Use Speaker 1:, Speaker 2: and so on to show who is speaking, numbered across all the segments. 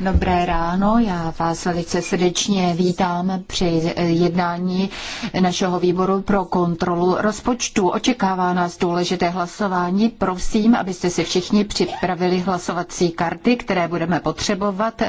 Speaker 1: Dobré ráno, já vás velice srdečně vítám při eh, jednání našeho výboru pro kontrolu rozpočtu. Očekává nás důležité hlasování. Prosím, abyste si všichni připravili hlasovací karty, které budeme potřebovat.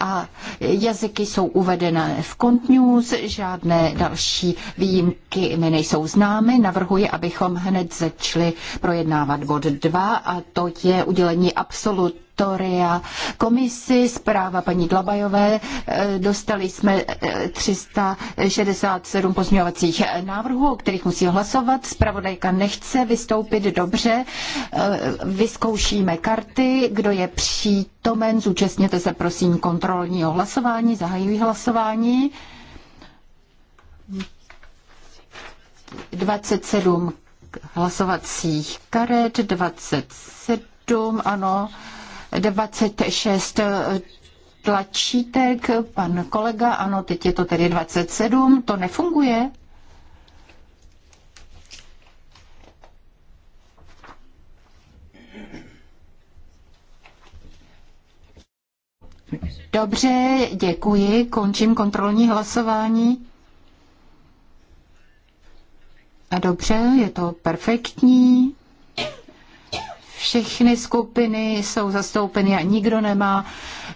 Speaker 1: A jazyky jsou uvedené v Cont News, žádné další výjimky mi nejsou známy. Navrhuji, abychom hned začali projednávat bod 2 a to je udělení absolut absolutoria komisi, zpráva paní Dlabajové. Eh, dostali jsme 367 eh, pozměňovacích návrhů, o kterých musí hlasovat. Zpravodajka nechce vystoupit dobře. Eh, vyzkoušíme karty. Kdo je přítomen, zúčastněte se prosím kontrolního hlasování. Zahajuji hlasování. 27 hlasovacích karet, 27, ano, 26 tlačítek, pan kolega, ano, teď je to tedy 27, to nefunguje. Dobře, děkuji, končím kontrolní hlasování. A dobře, je to perfektní. Všechny skupiny jsou zastoupeny a nikdo nemá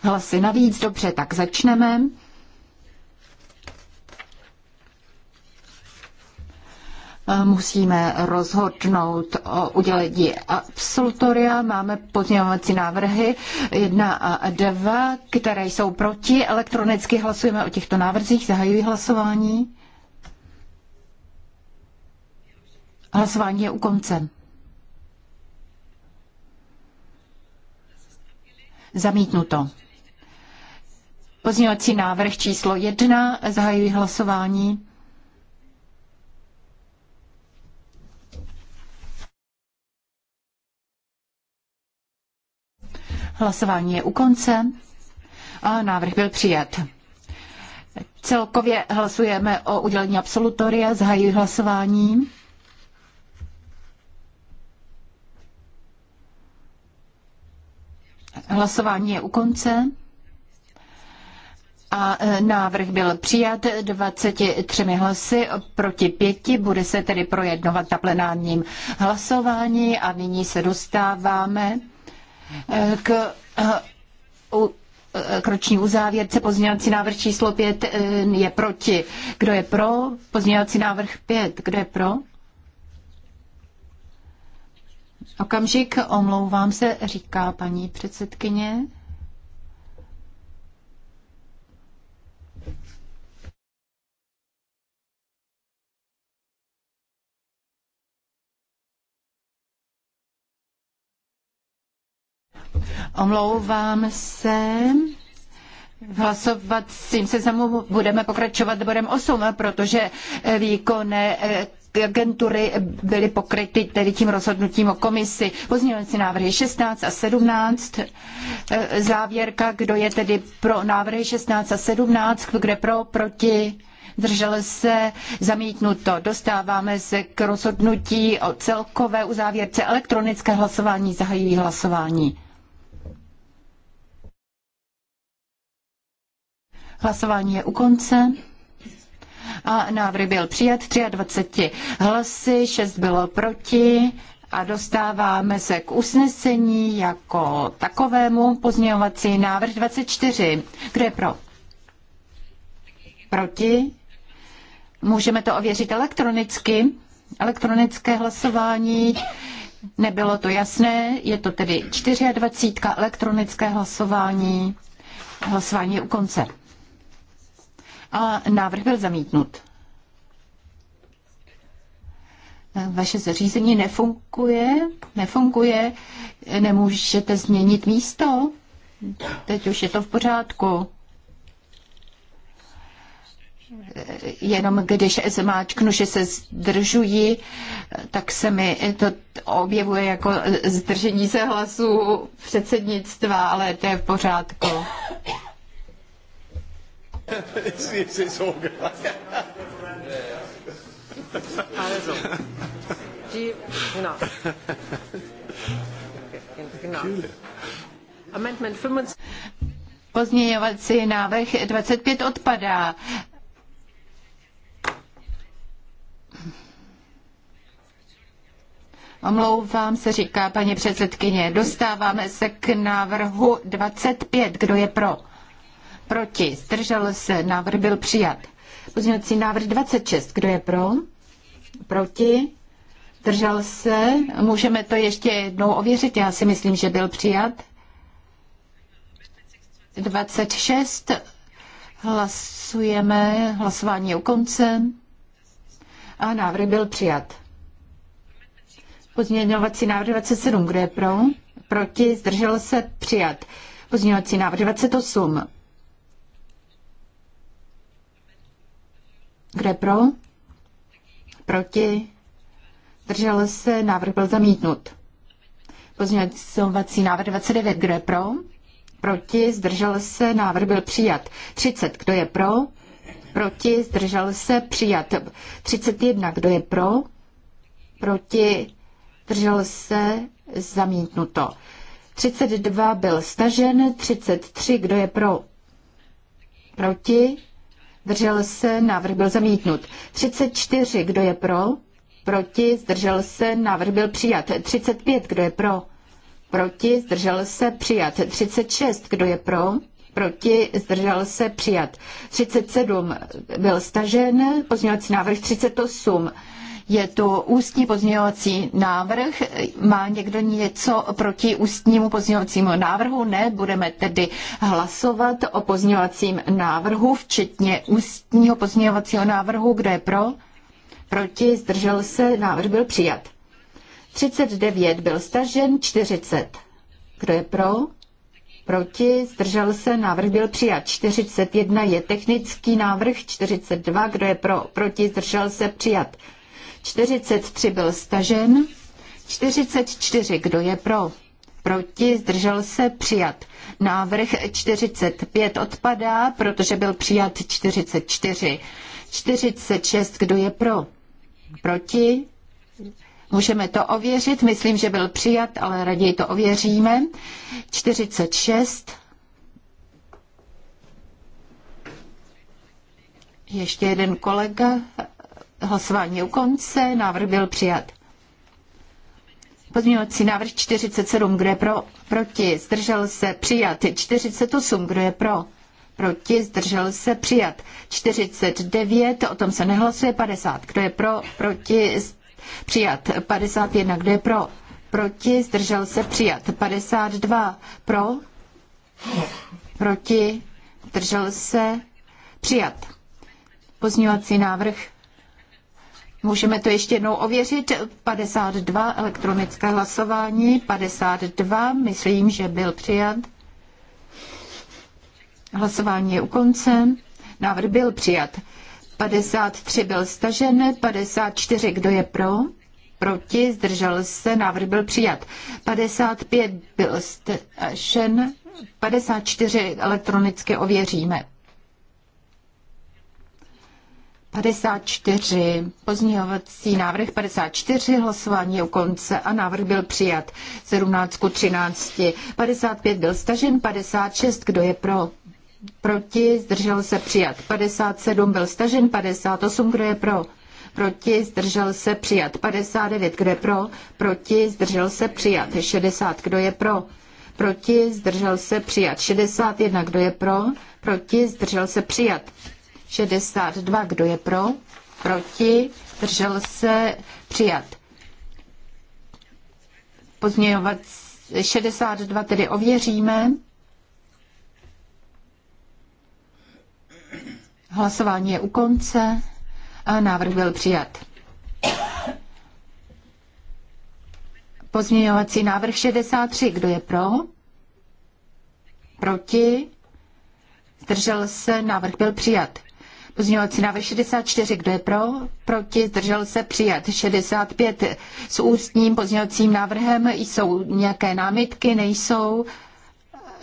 Speaker 1: hlasy navíc. Dobře, tak začneme. Musíme rozhodnout o udělení absolutoria. Máme pozměňovací návrhy 1 a 2, které jsou proti. Elektronicky hlasujeme o těchto návrzích. Zahajuji hlasování. Hlasování je u konce. Zamítnuto. Pozměňovací návrh číslo jedna Zahajuji hlasování. Hlasování je u konce a návrh byl přijat. Celkově hlasujeme o udělení absolutoria, zahajuji hlasování. Hlasování je u konce. A e, návrh byl přijat 23 hlasy proti pěti, bude se tedy projednovat na plenárním hlasování a nyní se dostáváme e, k e, kroční uzávěrce. Pozměňovací návrh číslo 5 je proti. Kdo je pro? Pozměňovací návrh 5. Kdo je pro? Okamžik, omlouvám se, říká paní předsedkyně. Omlouvám se. V hlasovacím seznamu budeme pokračovat bodem 8, protože výkonné eh, agentury byly pokryty tedy tím rozhodnutím o komisi. Pozměňovací návrhy 16 a 17. E, závěrka, kdo je tedy pro návrhy 16 a 17, kde pro, proti, zdržel se, zamítnuto. Dostáváme se k rozhodnutí o celkové uzávěrce elektronické hlasování, zahajují hlasování. Hlasování je u konce a návrh byl přijat 23 hlasy, 6 bylo proti a dostáváme se k usnesení jako takovému pozměňovací návrh 24. Kdo je pro? Proti? Můžeme to ověřit elektronicky. Elektronické hlasování. Nebylo to jasné, je to tedy 24. elektronické hlasování. Hlasování je u konce. A návrh byl zamítnut. vaše zařízení nefunguje, nefunguje, nemůžete změnit místo. Teď už je to v pořádku. Jenom když zmáčknu, že se zdržují, tak se mi to objevuje jako zdržení se hlasu předsednictva, ale to je v pořádku.
Speaker 2: Also, die, genau. genau. Amendment 25.
Speaker 1: Pozměňovací návrh 25 odpadá. Omlouvám se, říká paní předsedkyně. Dostáváme se k návrhu 25. Kdo je pro? Proti. Zdržel se. Návrh byl přijat. Pozměňovací návrh 26. Kdo je pro? Proti? Držel se? Můžeme to ještě jednou ověřit? Já si myslím, že byl přijat. 26. Hlasujeme. Hlasování je u konce. A návrh byl přijat. Pozměňovací návrh 27. Kdo je pro? Proti? Zdržel se? Přijat. Pozměňovací návrh 28. Kdo je pro? proti, držel se, návrh byl zamítnut. Pozměňovací návrh 29, kdo je pro, proti, zdržel se, návrh byl přijat. 30, kdo je pro, proti, zdržel se, přijat. 31, kdo je pro, proti, zdržel se, zamítnuto. 32 byl stažen, 33, kdo je pro, proti, Zdržel se, návrh byl zamítnut. 34, kdo je pro? Proti, zdržel se, návrh byl přijat. 35, kdo je pro? Proti, zdržel se, přijat. 36, kdo je pro? Proti, zdržel se, přijat. 37 byl stažen, pozměňovací návrh 38 je tu ústní pozměňovací návrh. Má někdo něco proti ústnímu pozměňovacímu návrhu? Ne, budeme tedy hlasovat o pozměňovacím návrhu, včetně ústního pozměňovacího návrhu. Kdo je pro? Proti, zdržel se, návrh byl přijat. 39 byl stažen, 40. Kdo je pro? Proti, zdržel se, návrh byl přijat. 41 je technický návrh, 42, kdo je pro, proti, zdržel se, přijat. 43 byl stažen. 44, kdo je pro? Proti, zdržel se, přijat. Návrh 45 odpadá, protože byl přijat 44. 46, kdo je pro? Proti? Můžeme to ověřit, myslím, že byl přijat, ale raději to ověříme. 46. Ještě jeden kolega Hlasování u konce, návrh byl přijat. Pozměňovací návrh 47, kdo je pro, proti, zdržel se, přijat. 48, kdo je pro, proti, zdržel se, přijat. 49, o tom se nehlasuje, 50, kdo je pro, proti, přijat. 51, kdo je pro, proti, zdržel se, přijat. 52, pro, proti, zdržel se, přijat. Pozměňovací návrh Můžeme to ještě jednou ověřit. 52 elektronické hlasování, 52, myslím, že byl přijat. Hlasování je u konce. Návrh byl přijat. 53 byl stažen, 54, kdo je pro? Proti, zdržel se, návrh byl přijat. 55 byl stažen, 54 elektronicky ověříme. 54, pozměňovací návrh 54, hlasování u konce a návrh byl přijat 17 ku 13. 55 byl stažen, 56, kdo je pro? Proti, zdržel se přijat. 57 byl stažen, 58, kdo je pro? Proti, zdržel se přijat. 59, kdo je pro? Proti, zdržel se přijat. 60, kdo je pro? Proti, zdržel se přijat. 61, kdo je pro? Proti, zdržel se přijat. 62. Kdo je pro? Proti? Držel se? Přijat. Pozměňovat 62 tedy ověříme. Hlasování je u konce a návrh byl přijat. Pozměňovací návrh 63. Kdo je pro? Proti? Zdržel se? Návrh byl přijat. Pozměňovací návrh 64, kdo je pro? Proti, zdržel se přijat. 65 s ústním pozměňovacím návrhem jsou nějaké námitky, nejsou.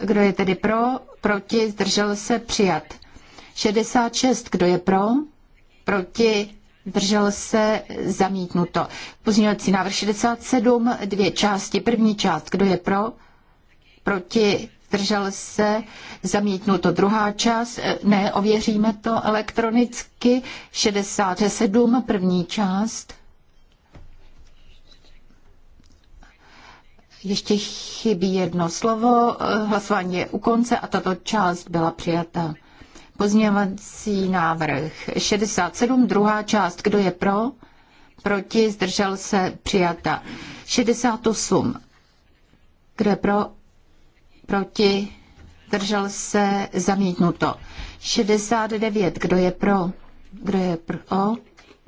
Speaker 1: Kdo je tedy pro? Proti, zdržel se přijat. 66, kdo je pro? Proti, zdržel se zamítnuto. Pozměňovací návrh 67, dvě části. První část, kdo je pro? Proti, zdržel se, to druhá část, eh, ne, ověříme to elektronicky, 67, první část. Ještě chybí jedno slovo, eh, hlasování je u konce a tato část byla přijata. Pozměvací návrh 67, druhá část, kdo je pro? Proti, zdržel se, přijata. 68, kdo je pro? proti, držel se, zamítnuto. 69, kdo je pro, kdo je pro,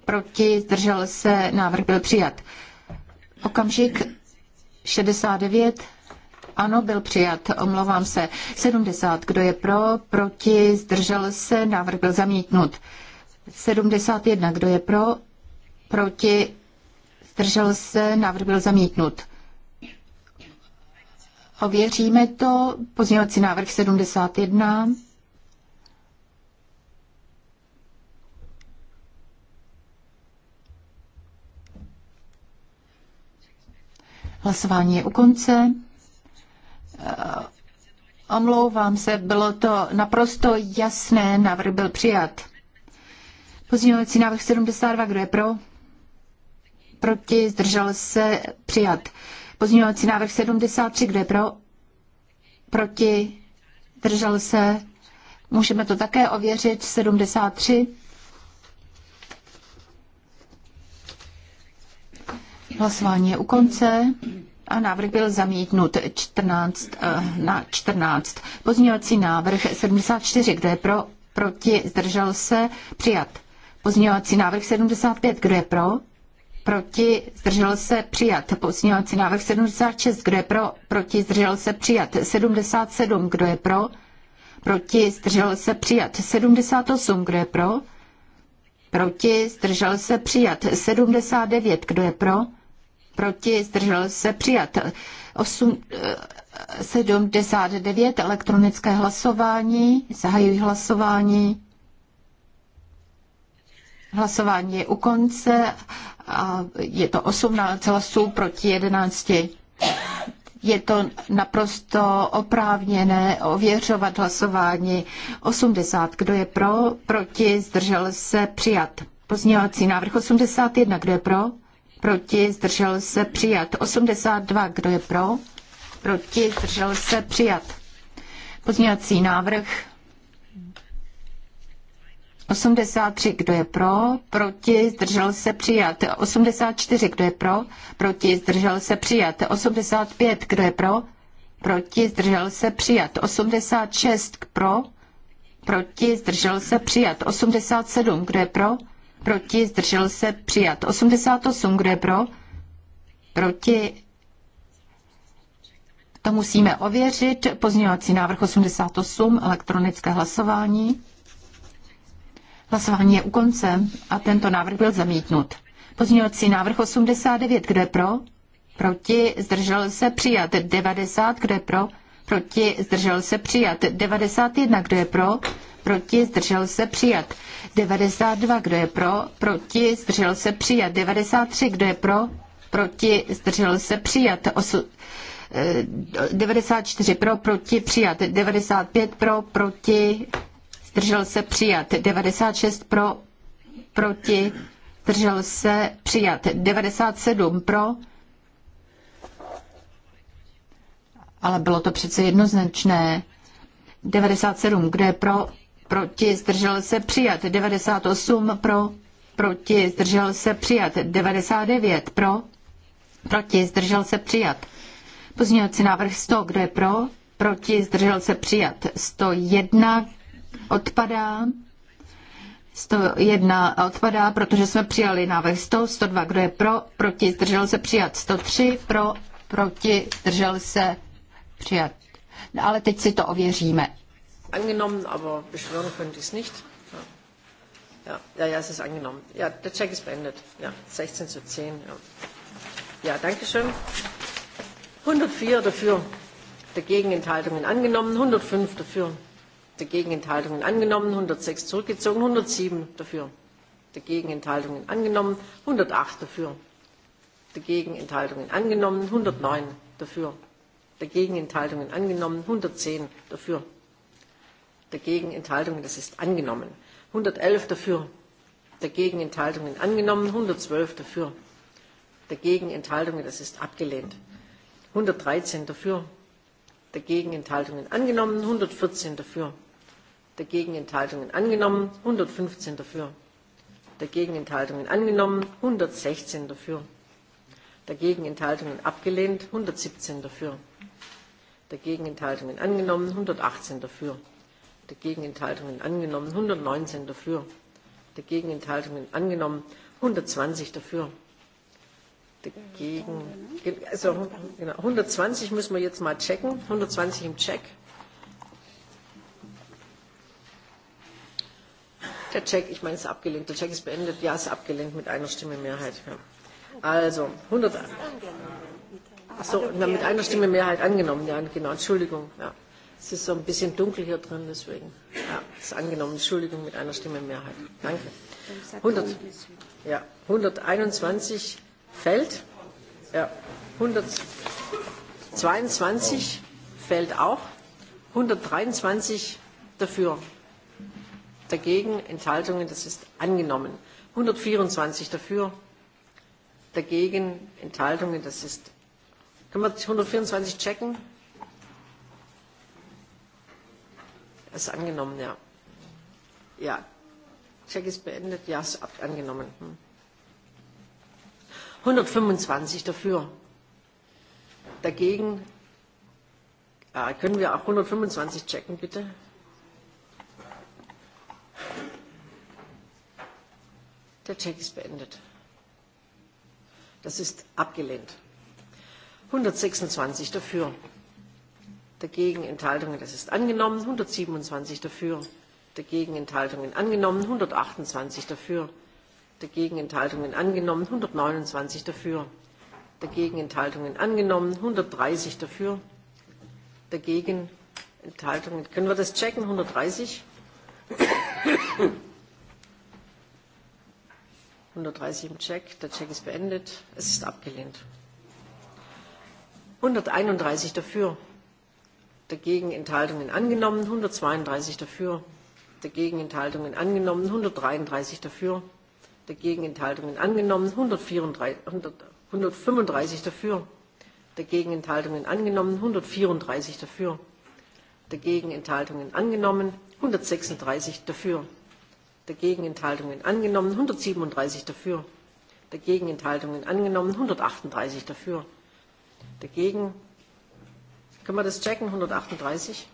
Speaker 1: proti, zdržel se, návrh byl přijat. Okamžik 69, ano, byl přijat, omlouvám se. 70, kdo je pro, proti, zdržel se, návrh byl zamítnut. 71, kdo je pro, proti, zdržel se, návrh byl zamítnut. Ověříme to. Pozměňovací návrh 71. Hlasování je u konce. Eh, omlouvám se, bylo to naprosto jasné, návrh byl přijat. Pozměňovací návrh 72, kdo je pro? Proti, zdržel se, přijat. Pozměňovací návrh 73, kde pro, proti, držel se, můžeme to také ověřit, 73. Hlasování je u konce a návrh byl zamítnut 14 eh, na 14. Pozměňovací návrh 74, kdo je pro, proti, zdržel se, přijat. Pozměňovací návrh 75, kdo je pro, proti, zdržel se přijat. Pozměňovací návrh 76, kdo je pro, proti, zdržel se přijat. 77, kdo je pro, proti, zdržel se přijat. 78, kdo je pro, proti, zdržel se přijat. 79, kdo je pro, proti, zdržel se přijat. 8, 79, eh, elektronické hlasování, zahajují hlasování. Hlasování je u konce a je to 18 hlasů proti 11. Je to naprosto oprávněné ověřovat hlasování 80. Kdo je pro, proti, zdržel se, přijat. Pozměňovací návrh 81. Kdo je pro, proti, zdržel se, přijat. 82. Kdo je pro, proti, zdržel se, přijat. Pozměňovací návrh 83, kdo je pro, proti, zdržel se přijat. 84, kdo je pro, proti, zdržel se přijat. 85, kdo je pro, proti, zdržel se přijat. 86, pro, proti, zdržel se přijat. 87, kdo je pro, proti, zdržel se přijat. 88, kdo je pro, proti, to musíme ověřit. Pozměňovací návrh 88, elektronické hlasování. Hlasování je u konce a tento návrh byl zamítnut. Pozměňovací návrh 89, kdo je pro? Proti, zdržel se přijat. 90, kdo je pro? Proti, zdržel se přijat. 91, kdo je pro? Proti, zdržel se přijat. 92, kdo je pro? Proti, zdržel se přijat. 93, kdo je pro? Proti, zdržel se přijat. 94 eh, pro, proti, přijat. 95 pro, proti, zdržel se přijat 96 pro, proti, zdržel se přijat 97 pro, ale bylo to přece jednoznačné. 97, kde pro, proti, zdržel se přijat 98 pro, proti, zdržel se přijat 99 pro, proti, zdržel se přijat. Pozměňovací návrh 100, kdo je pro, proti, zdržel se přijat 101, odpadá. 101 odpadá, protože jsme přijali návrh 100, 102, kdo je pro, proti, zdržel se přijat 103, pro, proti, zdržel se přijat. No, ale teď si to ověříme.
Speaker 2: Angenommen, aber beschwören könnte ich es nicht. Ja, ja, ja, es ist angenommen. Ja, der Check ist beendet. Ja, 16 zu 10. Ja, ja danke schön. 104 dafür, dagegen Enthaltungen angenommen, 105 dafür dagegen Enthaltungen angenommen, 106 zurückgezogen, 107 dafür, dagegen Enthaltungen angenommen, 108 dafür, dagegen Enthaltungen angenommen, 109 dafür, dagegen Enthaltungen angenommen, 110 dafür, dagegen Enthaltungen, das ist angenommen, 111 dafür, dagegen Enthaltungen angenommen, 112 dafür, dagegen Enthaltungen, das ist abgelehnt, 113 dafür, dagegen Enthaltungen angenommen, 114 dafür, dagegen Enthaltungen angenommen, 115 dafür, dagegen Enthaltungen angenommen, 116 dafür, dagegen Enthaltungen abgelehnt, 117 dafür, dagegen Enthaltungen angenommen, 118 dafür, dagegen Enthaltungen angenommen, 119 dafür, dagegen Enthaltungen angenommen, 120 dafür, dagegen, also 120 müssen wir jetzt mal checken, 120 im Check. Der Check, ich meine, es ist abgelehnt. Der Check ist beendet. Ja, es ist abgelehnt mit einer Stimme Mehrheit. Ja. Also, 100. Achso, na, mit einer Stimme Mehrheit angenommen. Ja, genau. Entschuldigung. Ja. Es ist so ein bisschen dunkel hier drin, deswegen. Ja, ist angenommen. Entschuldigung, mit einer Stimme Mehrheit. Danke. 100, ja, 121 fällt. Ja, 122 fällt auch. 123 dafür dagegen, Enthaltungen, das ist angenommen. 124 dafür, dagegen, Enthaltungen, das ist. Können wir 124 checken? Das ist angenommen, ja. Ja, Check ist beendet. Ja, ist angenommen. 125 hm. dafür. Dagegen äh, können wir auch 125 checken, bitte. Der Check ist beendet. Das ist abgelehnt. 126 dafür. Dagegen Enthaltungen, das ist angenommen. 127 dafür. Dagegen Enthaltungen angenommen. 128 dafür. Dagegen Enthaltungen angenommen. 129 dafür. Dagegen Enthaltungen angenommen. 130 dafür. Dagegen Enthaltungen. Können wir das checken? 130? 130 Check. Der Check ist beendet. Es ist abgelehnt. 131 dafür. Dagegen Enthaltungen angenommen. 132 dafür. Dagegen Enthaltungen angenommen. 133 dafür. Dagegen Enthaltungen angenommen. 134, 100, 135 dafür. Dagegen Enthaltungen angenommen. 134 dafür. Dagegen Enthaltungen angenommen. 136 dafür dagegen Enthaltungen angenommen, 137 dafür, dagegen Enthaltungen angenommen, 138 dafür, dagegen. Können wir das checken, 138?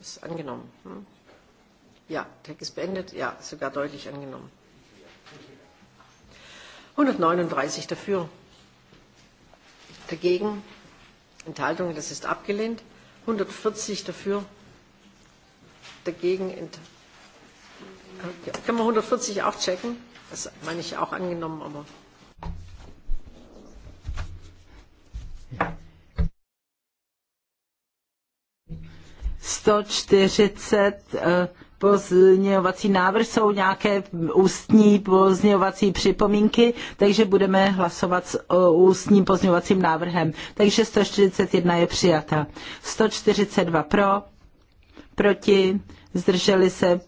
Speaker 2: Ist angenommen. Hm? Ja, Tag ist beendet. Ja, sogar deutlich angenommen. 139 dafür. Dagegen. Enthaltungen, das ist abgelehnt. 140 dafür dagegen. Können wir 140 auch checken? Das meine ich auch angenommen, aber.
Speaker 3: Sto eh, pozměňovací návrh jsou nějaké ústní pozměňovací připomínky, takže budeme hlasovat s ústním pozměňovacím návrhem. Takže 141 je přijata. 142 pro, proti, zdrželi se.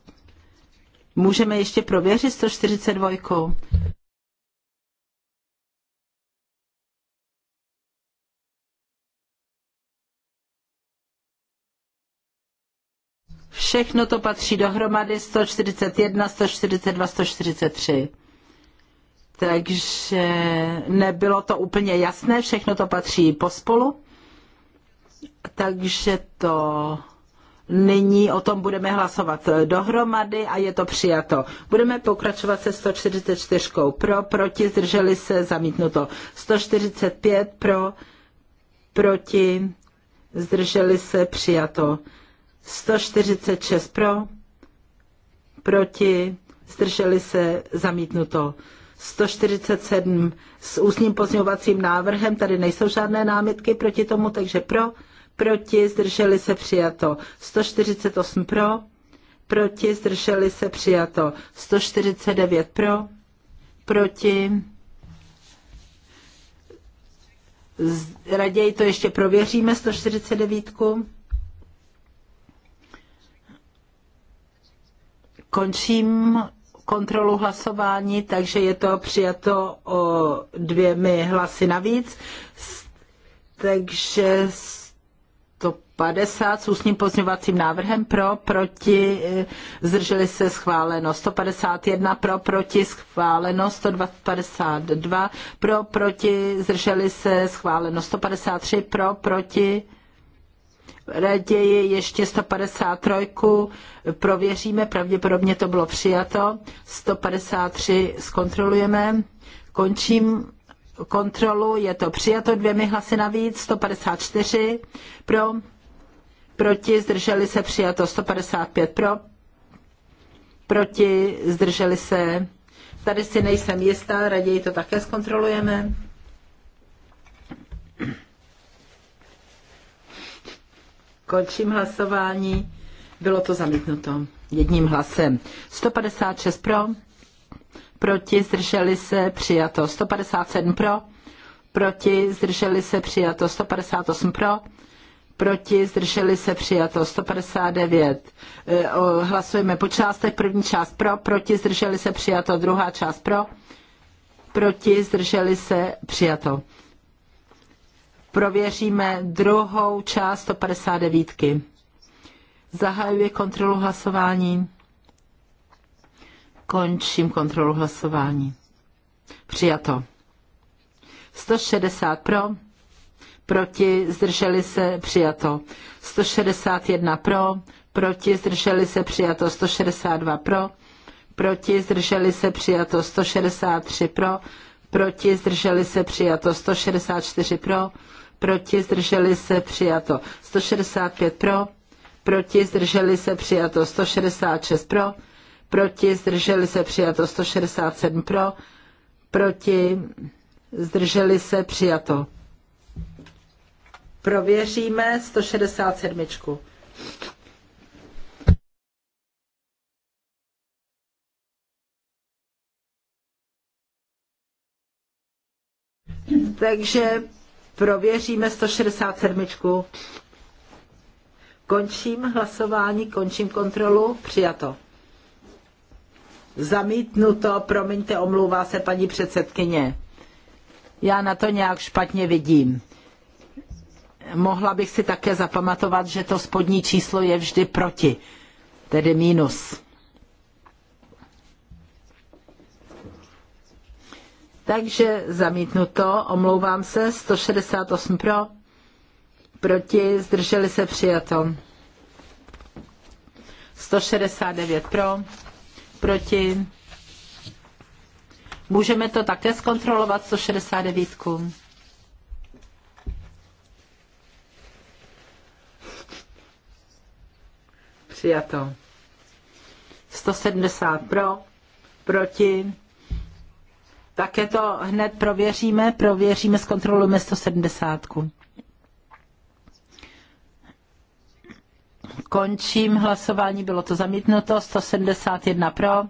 Speaker 3: Můžeme ještě prověřit 142. Všechno to patří dohromady 141, 142, 143. Takže nebylo to úplně jasné, všechno to patří pospolu. Takže to Nyní o tom budeme hlasovat dohromady a je to přijato. Budeme pokračovat se 144 pro, proti, zdrželi se, zamítnuto. 145 pro, proti, zdrželi se, přijato. 146 pro, proti, zdrželi se, zamítnuto. 147 s ústním pozměňovacím návrhem, tady nejsou žádné námitky proti tomu, takže pro, proti, zdrželi se přijato. 148 pro, proti, zdrželi se přijato. 149 pro, proti. Raději to ještě prověříme, 149. Končím kontrolu hlasování, takže je to přijato o dvěmi hlasy navíc. Takže 150 s ústním pozměňovacím návrhem pro, proti, e, zdrželi se schváleno 151 pro, proti, schváleno 152 pro, proti, zdrželi se schváleno 153 pro, proti, raději ještě 153 prověříme, pravděpodobně to bylo přijato, 153 zkontrolujeme, končím kontrolu, je to přijato dvěmi hlasy navíc, 154 pro, proti, zdrželi se přijato 155 pro, proti, zdrželi se, tady si nejsem jistá, raději to také zkontrolujeme. Končím hlasování. Bylo to zamítnuto jedním hlasem. 156 pro, proti, zdrželi se, přijato 157 pro, proti, zdrželi se, přijato 158 pro, proti, zdrželi se, přijato 159. E, hlasujeme po částech, první část pro, proti, zdrželi se, přijato druhá část pro, proti, zdrželi se, přijato. Prověříme druhou část 159. Zahajuje kontrolu hlasování. Končím kontrolu hlasování. Přijato. 160 pro, proti, zdrželi se, přijato. 161 pro, proti, zdrželi se, přijato. 162 pro, proti, zdrželi se, přijato. 163 pro, proti, zdrželi se, přijato. 164 pro, proti, zdrželi se, přijato. 165 pro, proti, zdrželi se, přijato. 166 pro, proti, zdrželi se přijato 167 pro, proti, zdrželi se přijato. Prověříme 167. Takže prověříme 167. Končím hlasování, končím kontrolu, přijato. Zamítnuto, promiňte, omlouvá se paní předsedkyně. Já na to nějak špatně vidím. Mohla bych si také zapamatovat, že to spodní číslo je vždy proti, tedy mínus. Takže zamítnuto, omlouvám se, 168 pro, proti, zdrželi se přijato. 169 pro, proti. Můžeme to také zkontrolovat 169. Přijato. 170 pro, proti. Také to hned prověříme, prověříme, zkontrolujeme 170. Končím hlasování, bylo to zamítnuto, 171 pro.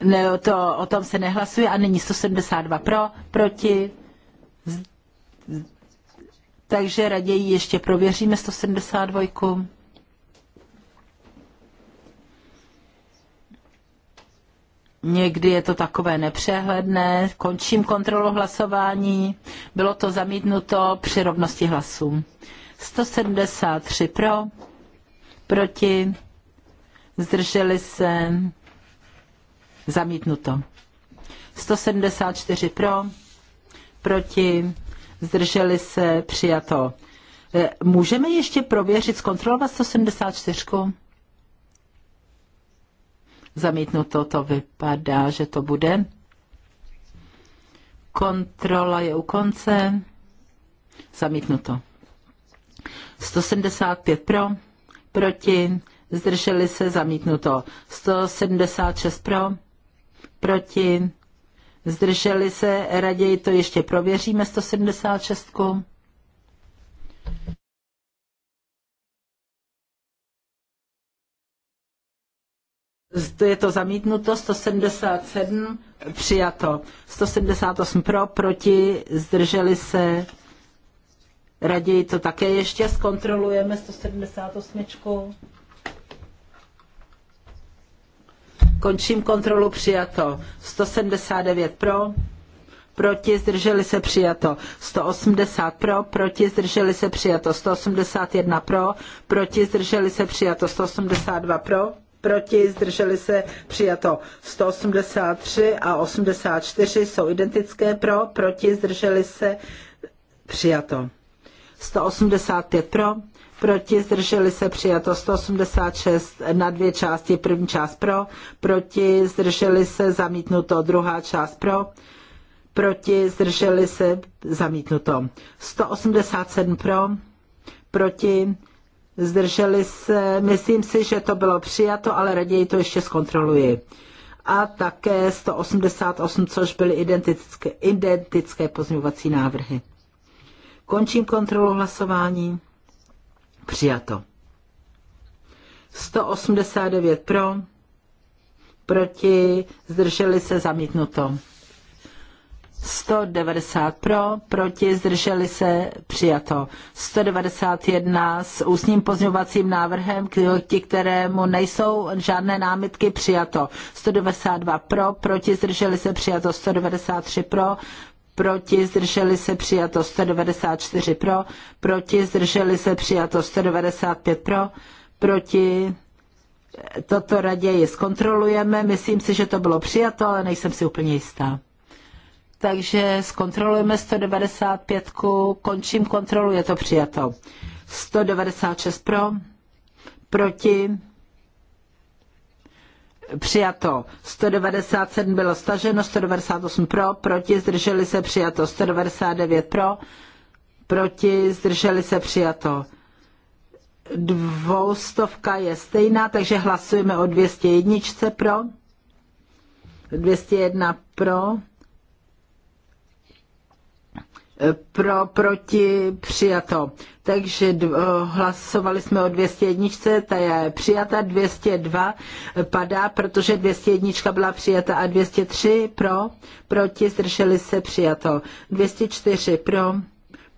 Speaker 3: Ne, to, o tom se nehlasuje a nyní 172 pro, proti. Takže raději ještě prověříme 172. Někdy je to takové nepřehledné. Končím kontrolu hlasování. Bylo to zamítnuto při rovnosti hlasů. 173 pro, proti, zdrželi se, zamítnuto. 174 pro, proti, zdrželi se, přijato. E, můžeme ještě prověřit, zkontrolovat 174? Zamítnuto to vypadá, že to bude. Kontrola je u konce. Zamítnuto. 175 pro, proti, zdrželi se, zamítnuto. 176 pro, proti, zdrželi se, raději to ještě prověříme, 176. je to zamítnuto, 177 přijato, 178 pro, proti, zdrželi se, Raději to také ještě zkontrolujeme 178. Končím kontrolu přijato. 179 pro, proti zdrželi se přijato. 180 pro, proti zdrželi se přijato. 181 pro, proti zdrželi se přijato. 182 pro, proti zdrželi se přijato. 183 a 84 jsou identické pro, proti zdrželi se přijato. 185 pro, proti zdrželi se přijato 186 na dvě části, první část pro, proti zdrželi se zamítnuto, druhá část pro, proti zdrželi se zamítnuto. 187 pro, proti zdrželi se, myslím si, že to bylo přijato, ale raději to ještě zkontroluji. A také 188, což byly identické, identické pozměňovací návrhy. Končím kontrolu hlasování. Přijato. 189 pro, proti, zdrželi se zamítnuto. 190 pro, proti, zdrželi se, přijato. 191 s ústním pozňovacím návrhem, ti, kterému nejsou žádné námitky, přijato. 192 pro, proti, zdrželi se, přijato. 193 pro, proti, zdrželi se přijato 194 pro, proti, zdrželi se přijato 195 pro, proti, toto raději zkontrolujeme, myslím si, že to bylo přijato, ale nejsem si úplně jistá. Takže zkontrolujeme 195, končím kontrolu, je to přijato. 196 pro, proti, přijato. 197 bylo staženo, 198 pro, proti, zdrželi se přijato. 199 pro, proti, zdrželi se přijato. Dvoustovka je stejná, takže hlasujeme o 201 pro. 201 pro, pro, proti, přijato. Takže d, hlasovali jsme o 201, ta je přijata, 202 padá, protože 201 byla přijata a 203 pro, proti, zdrželi se přijato. 204 pro,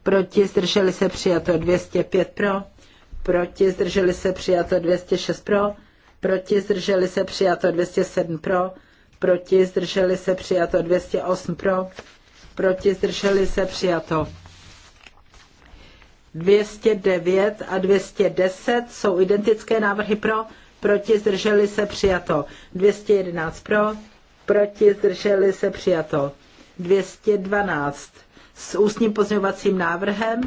Speaker 3: proti, zdrželi se přijato. 205 pro, proti, zdrželi se přijato. 206 pro, proti, zdrželi se přijato. 207 pro, proti, zdrželi se přijato. 208 pro, proti, zdrželi se, přijato. 209 a 210 jsou identické návrhy pro, proti, zdrželi se, přijato. 211 pro, proti, zdrželi se, přijato. 212 s ústním pozměňovacím návrhem.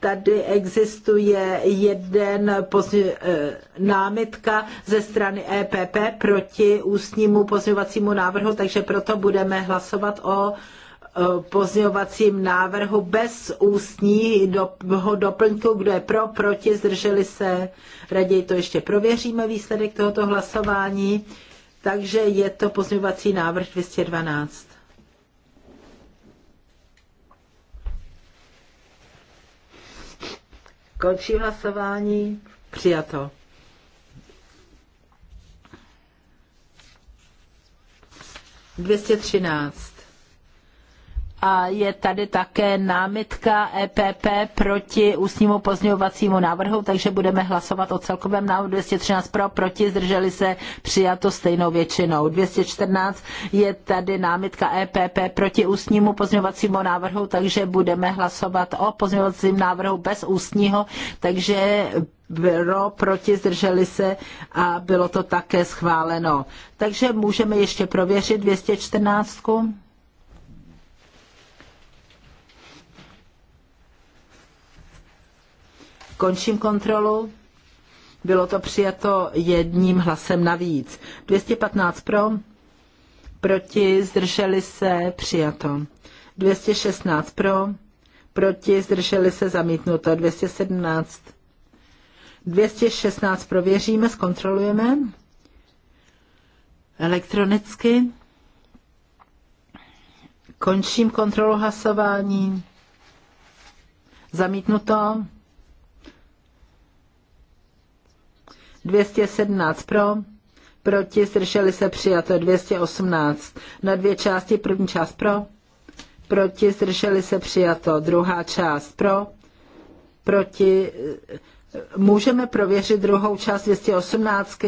Speaker 3: Tady existuje jeden e, námitka ze strany EPP proti ústnímu pozměňovacímu návrhu, takže proto budeme hlasovat o pozměňovacím návrhu bez ústního doplňku, kdo je pro, proti, zdrželi se. Raději to ještě prověříme, výsledek tohoto hlasování. Takže je to pozměňovací návrh 212. Končí hlasování. Přijato. Dvěstě třináct a je tady také námitka EPP proti ústnímu pozměňovacímu návrhu, takže budeme hlasovat o celkovém návrhu 213 pro, proti, zdrželi se přijato stejnou většinou. 214 je tady námitka EPP proti ústnímu pozměňovacímu návrhu, takže budeme hlasovat o pozměňovacím návrhu bez ústního, takže pro, proti, zdrželi se a bylo to také schváleno. Takže můžeme ještě prověřit 214. Končím kontrolu. Bylo to přijato jedním hlasem navíc. 215 pro, proti, zdrželi se, přijato. 216 pro, proti, zdrželi se, zamítnuto. 217. 216 prověříme, zkontrolujeme elektronicky. Končím kontrolu hlasování. Zamítnuto. 217 pro, proti, zdrželi se přijato 218. Na dvě části, první část pro, proti, zdrželi se přijato, druhá část pro, proti, můžeme prověřit druhou část 218.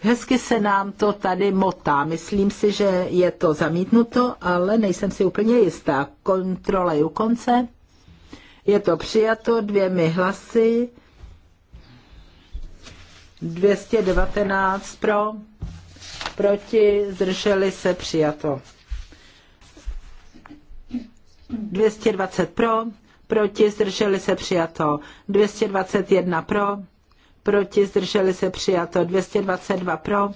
Speaker 3: Hezky se nám to tady motá. Myslím si, že je to zamítnuto, ale nejsem si úplně jistá. Kontrola je u konce. Je to přijato dvěmi hlasy. 219 pro, proti, zdrželi se, přijato. 220 pro, proti, zdrželi se, přijato. 221 pro, proti, zdrželi se, přijato. 222 pro,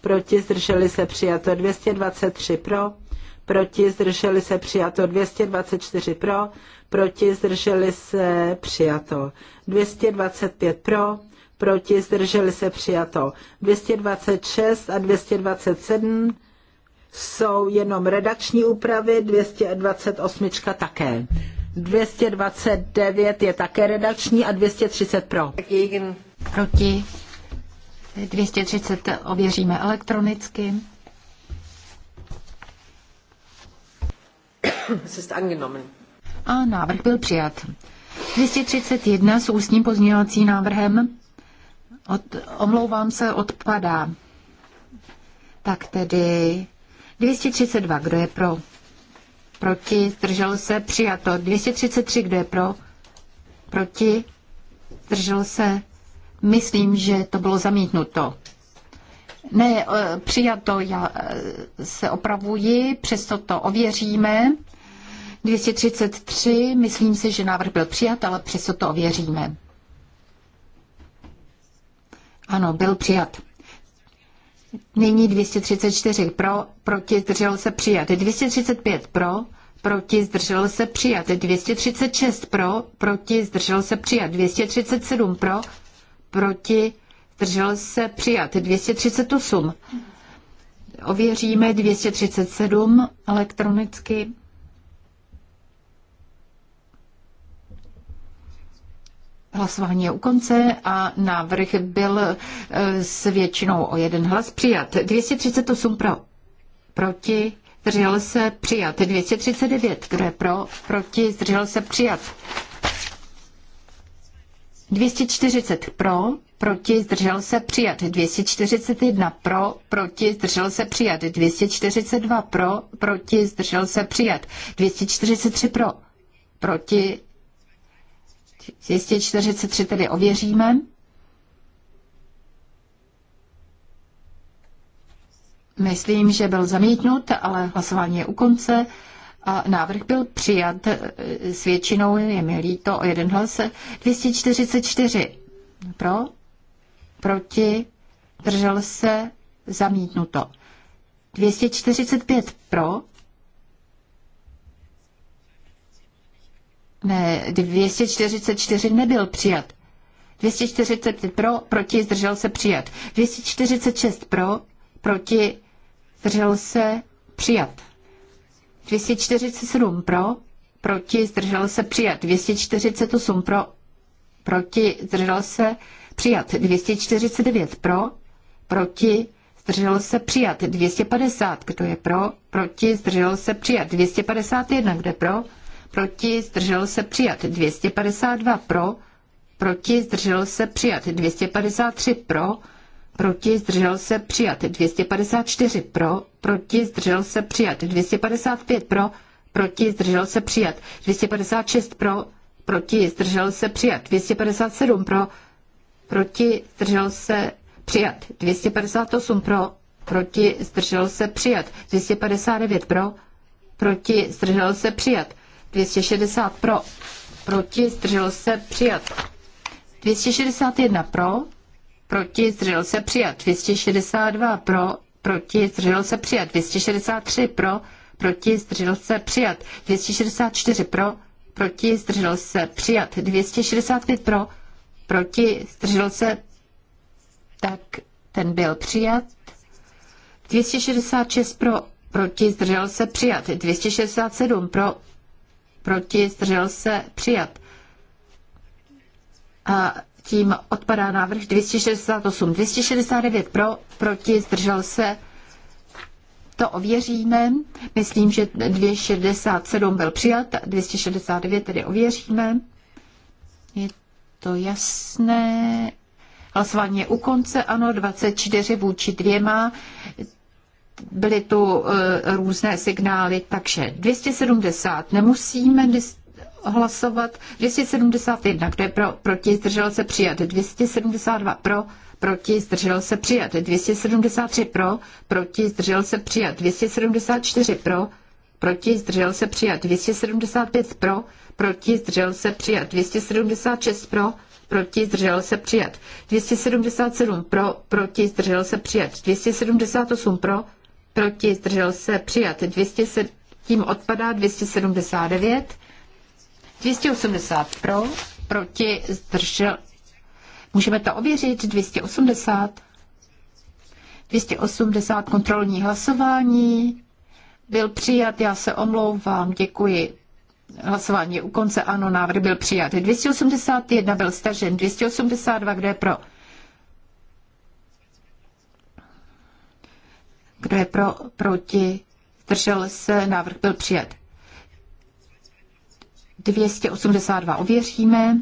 Speaker 3: proti, zdrželi se, přijato. 223 pro, proti, zdrželi se, přijato. 224 pro, proti, zdrželi se, přijato. 225 pro, proti, zdrželi se přijato. 226 a 227 jsou jenom redakční úpravy, 228 také. 229 je také redakční a 230 pro.
Speaker 1: Proti. 230 ověříme elektronicky. A návrh byl přijat. 231 s ústním pozměňovacím návrhem od, omlouvám se, odpadá. Tak tedy 232, kdo je pro? Proti, zdržel se, přijato. 233, kdo je pro? Proti, zdržel se. Myslím, že to bylo zamítnuto. Ne, eh, přijato, já eh, se opravuji, přesto to ověříme. 233, myslím si, že návrh byl přijat, ale přesto to ověříme. Ano, byl přijat. Nyní 234 pro, proti zdržel se přijat. 235 pro, proti zdržel se přijat. 236 pro, proti zdržel se přijat. 237 pro, proti zdržel se přijat. 238. Ověříme 237 elektronicky. Hlasování je u konce a návrh byl e, s většinou o jeden hlas přijat. 238 pro, proti, zdržel se přijat. 239, kdo je pro, proti, zdržel se přijat. 240 pro, proti, zdržel se přijat. 241 pro, proti, zdržel se přijat. 242 pro, proti, zdržel se přijat. 243 pro, proti, 243 tedy ověříme. Myslím, že byl zamítnut, ale hlasování je u konce. A návrh byl přijat s většinou, je mi líto, o jeden hlas. 244 pro, proti, držel se, zamítnuto. 245 pro, Ne, 244 nebyl přijat. 245 pro, proti, zdržel se přijat. 246 pro, proti, zdržel se přijat. 247 pro, proti, zdržel se přijat. 248 pro, proti, zdržel se přijat. 249 pro, proti, zdržel se přijat. 250, kdo je pro, proti, zdržel se přijat. 251, kdo je pro, proti, zdržel se přijat 252 pro, proti, zdržel se přijat 253 pro, proti, zdržel se přijat 254 pro, proti, zdržel se přijat 255 pro, proti, zdržel se přijat 256 pro, proti, zdržel se přijat 257 pro, proti, zdržel se přijat 258 pro, proti, zdržel se přijat 259 pro, proti, zdržel se přijat 260 pro, proti, zdržel se, přijat. 261 pro, proti, zdržel se, přijat. 262 pro, proti, zdržel se, přijat. 263 pro, proti, zdržel se, přijat. 264 pro, proti, zdržel se, přijat. 265 pro, proti, zdržel se, tak ten byl přijat. 266 pro, proti, zdržel se, přijat. 267 pro, proti, zdržel se, přijat. A tím odpadá návrh 268. 269 pro, proti, zdržel se, to ověříme. Myslím, že 267 byl přijat, 269 tedy ověříme. Je to jasné. Hlasování je u konce, ano, 24 vůči dvěma, byly tu e, různé signály, takže 270 nemusíme hlasovat, 271, kdo je pro, proti, zdržel se přijat, 272 pro, proti, zdržel se přijat, 273 pro, proti, zdržel se přijat, 274 pro, proti, zdržel se přijat, 275 pro, proti, zdržel se přijat, 276 pro, proti, zdržel se přijat, 277 pro, proti, zdržel se přijat, 278 pro, proti, zdržel se, přijat. 200 se, tím odpadá 279, 280 pro, proti, zdržel, můžeme to ověřit, 280, 280 kontrolní hlasování, byl přijat, já se omlouvám, děkuji. Hlasování je u konce, ano, návrh byl přijat. 281 byl stažen, 282, kde je pro? Kdo je pro, proti, zdržel se, návrh byl přijat. 282 ověříme.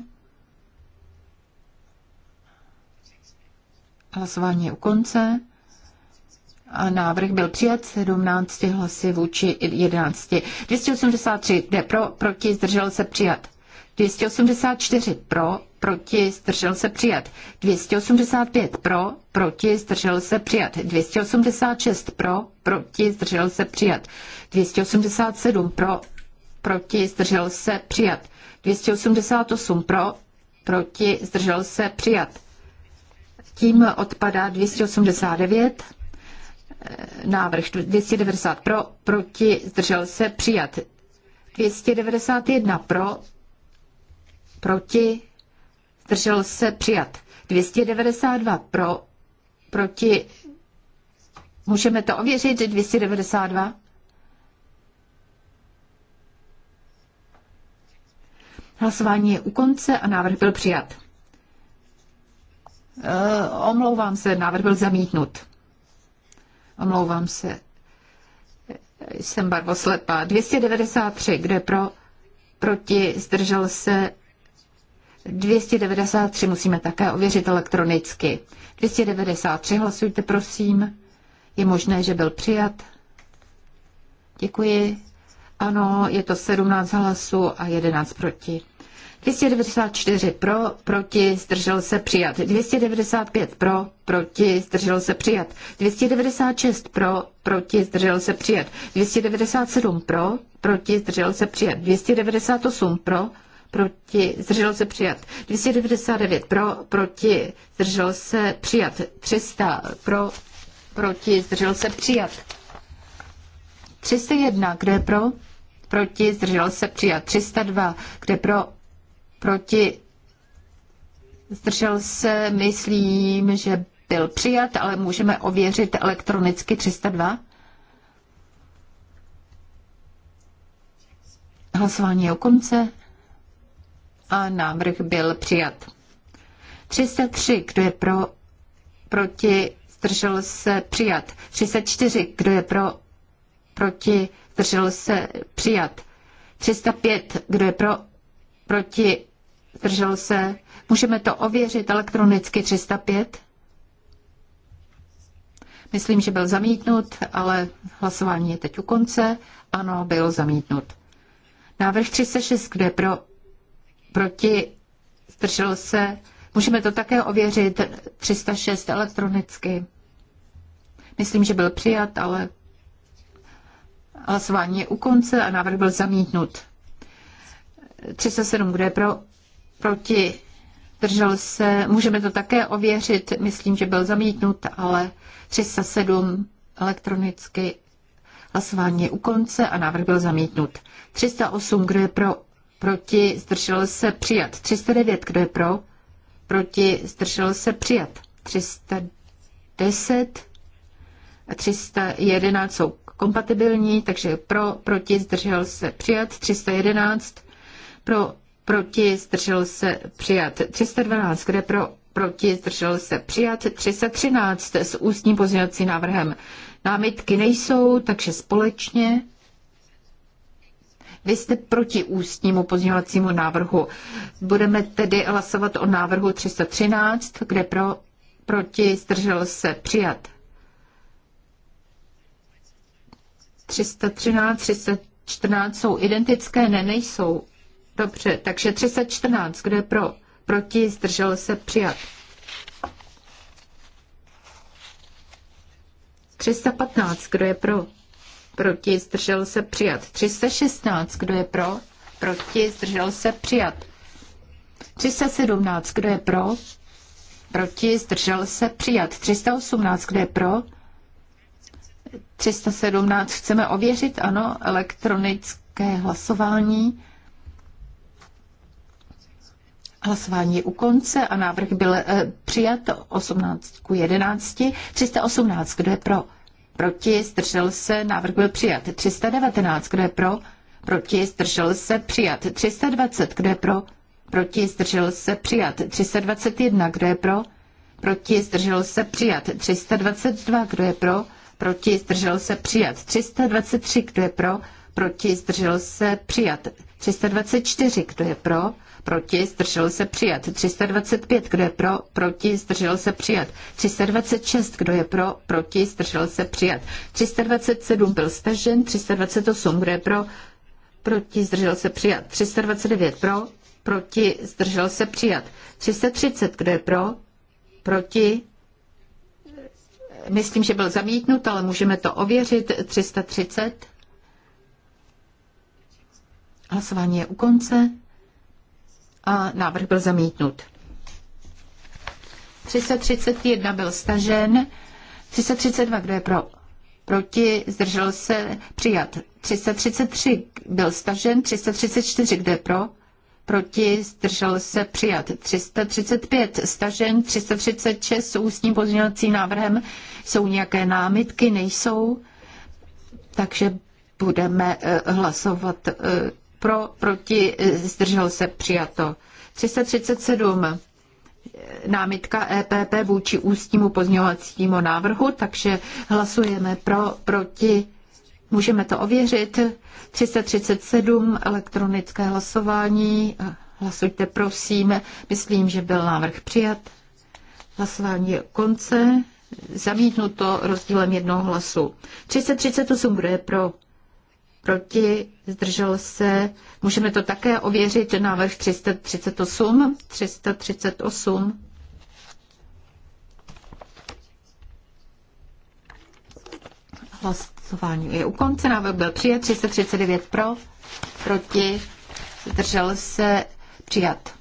Speaker 1: Hlasování je u konce. A návrh byl přijat 17 hlasy vůči 11. 283 jde pro, proti, zdržel se přijat. 284 pro, proti, zdržel se přijat. 285 pro, proti, zdržel se přijat. 286 pro, proti, zdržel se přijat. 287 pro, proti, zdržel se přijat. 288 pro, proti, zdržel se přijat. Tím odpadá 289, návrh 290 pro, proti, zdržel se přijat. 291 pro, proti, zdržel se přijat. 292 pro, proti, můžeme to ověřit, 292? Hlasování je u konce a návrh byl přijat. E, omlouvám se, návrh byl zamítnut. Omlouvám se. Jsem barvoslepá. 293, kde pro, proti, zdržel se, 293 musíme také ověřit elektronicky. 293 hlasujte, prosím. Je možné, že byl přijat. Děkuji. Ano, je to 17 hlasů a 11 proti. 294 pro, proti, zdržel se přijat. 295 pro, proti, zdržel se přijat. 296 pro, proti, zdržel se přijat. 297 pro, proti, zdržel se přijat. 298 pro, proti, zdržel se přijat. 299 pro, proti, zdržel se přijat. 300 pro, proti, zdržel se přijat. 301, kde pro, proti, zdržel se přijat. 302, kde pro, proti, zdržel se, myslím, že byl přijat, ale můžeme ověřit elektronicky 302. Hlasování je o konce a návrh byl přijat. 303, kdo je pro, proti, zdržel se přijat. 304, kdo je pro, proti, zdržel se přijat. 305, kdo je pro, proti, zdržel se. Můžeme to ověřit elektronicky 305? Myslím, že byl zamítnut, ale hlasování je teď u konce. Ano, byl zamítnut. Návrh kdo je pro, proti, zdržel se, můžeme to také ověřit 306 elektronicky. Myslím, že byl přijat, ale hlasování je u konce a návrh byl zamítnut. 307, kdo je pro, proti, držel se, můžeme to také ověřit, myslím, že byl zamítnut, ale 307 elektronicky hlasování je u konce a návrh byl zamítnut. 308, kdo je pro, proti, zdržel se přijat. 309, kdo je pro, proti, zdržel se přijat. 310 a 311 jsou kompatibilní, takže pro, proti, zdržel se přijat. 311 pro, proti, zdržel se přijat. 312, kde pro, proti, zdržel se přijat. 313 s ústním pozměňovacím návrhem. Námitky nejsou, takže společně vy jste proti ústnímu pozměňovacímu návrhu. Budeme tedy hlasovat o návrhu 313, kde pro, proti zdržel se přijat. 313, 314 jsou identické, ne, nejsou. Dobře, takže 314, kde pro, proti zdržel se přijat. 315, kdo je pro? proti, zdržel se přijat. 316, kdo je pro, proti, zdržel se přijat. 317, kdo je pro, proti, zdržel se přijat. 318, kdo je pro, 317 chceme ověřit, ano, elektronické hlasování. Hlasování je u konce a návrh byl eh, přijat 18 k 11. 318, kdo je pro? Proti zdržel se, návrh byl přijat. 319, kdo je pro? Proti zdržel se, přijat. 320, kdo je pro? Proti zdržel se, přijat. 321, kdo je pro? Proti zdržel se, přijat. 322, kdo je pro? Proti zdržel se, přijat. 323, kdo je pro? Proti zdržel se, přijat. 324, kdo je pro, proti, zdržel se přijat. 325, kdo je pro, proti, zdržel se přijat. 326, kdo je pro, proti, zdržel se přijat. 327 byl stažen, 328, kdo je pro, proti, zdržel se přijat. 329 pro, proti, zdržel se přijat. 330, kdo je pro, proti, myslím, že byl zamítnut, ale můžeme to ověřit. 330. Hlasování je u konce a návrh byl zamítnut. 331 byl stažen, 332, kdo je pro, proti, zdržel se, přijat. 333 byl stažen, 334, kdo je pro, proti, zdržel se, přijat. 335 stažen, 336 s ústním pozměňovacím návrhem. Jsou nějaké námitky, nejsou, takže budeme eh, hlasovat eh, pro, proti, eh, zdržel se přijato. 337 eh, námitka EPP vůči ústnímu pozměňovacímu návrhu, takže hlasujeme pro, proti, můžeme to ověřit. 337 elektronické hlasování, hlasujte prosím, myslím, že byl návrh přijat. Hlasování je konce, zamítnuto rozdílem jednoho hlasu. 338 bude pro, proti, zdržel se, můžeme to také ověřit, návrh 338, 338. Hlasování je u konce, návrh byl přijat, 339 pro, proti, zdržel se, přijat.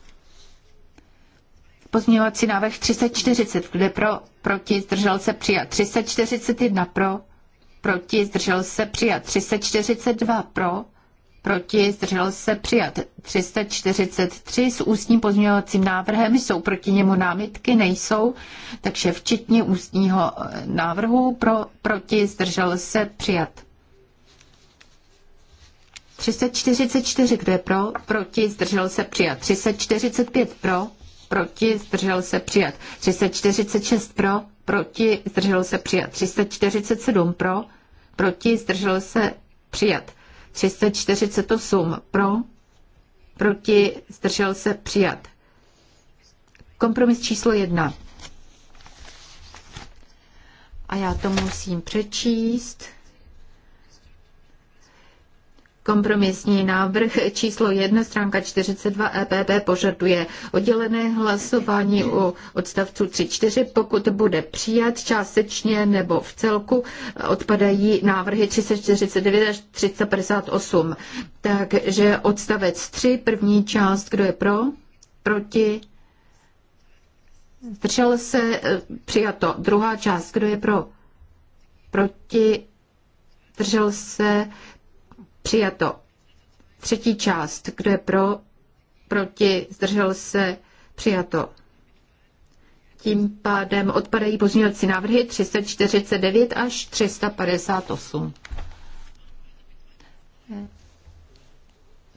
Speaker 1: Pozměňovací návrh 340, kde pro, proti, zdržel se, přijat. 341 pro, proti, zdržel se přijat 342 pro, proti, zdržel se přijat 343 s ústním pozměňovacím návrhem, jsou proti němu námitky, nejsou, takže včetně ústního eh, návrhu pro, proti, zdržel se přijat. 344, kdo je pro, proti, zdržel se přijat. 345 pro, proti, zdržel se přijat. 346 pro, proti, zdrželo se přijat. 347 pro, proti, zdrželo se přijat. 348 pro, proti, zdržel se přijat. Kompromis číslo jedna A já to musím přečíst. Kompromisní návrh číslo 1, stránka 42 EPP požaduje oddělené hlasování u odstavců 34 pokud bude přijat částečně nebo v celku, odpadají návrhy 349 až 358. Takže odstavec 3, první část, kdo je pro, proti, zdržel se, eh, přijato. Druhá část, kdo je pro, proti, zdržel se, Přijato. Třetí část. Kdo je pro? Proti? Zdržel se? Přijato. Tím pádem odpadají pozměňovací návrhy 349 až 358.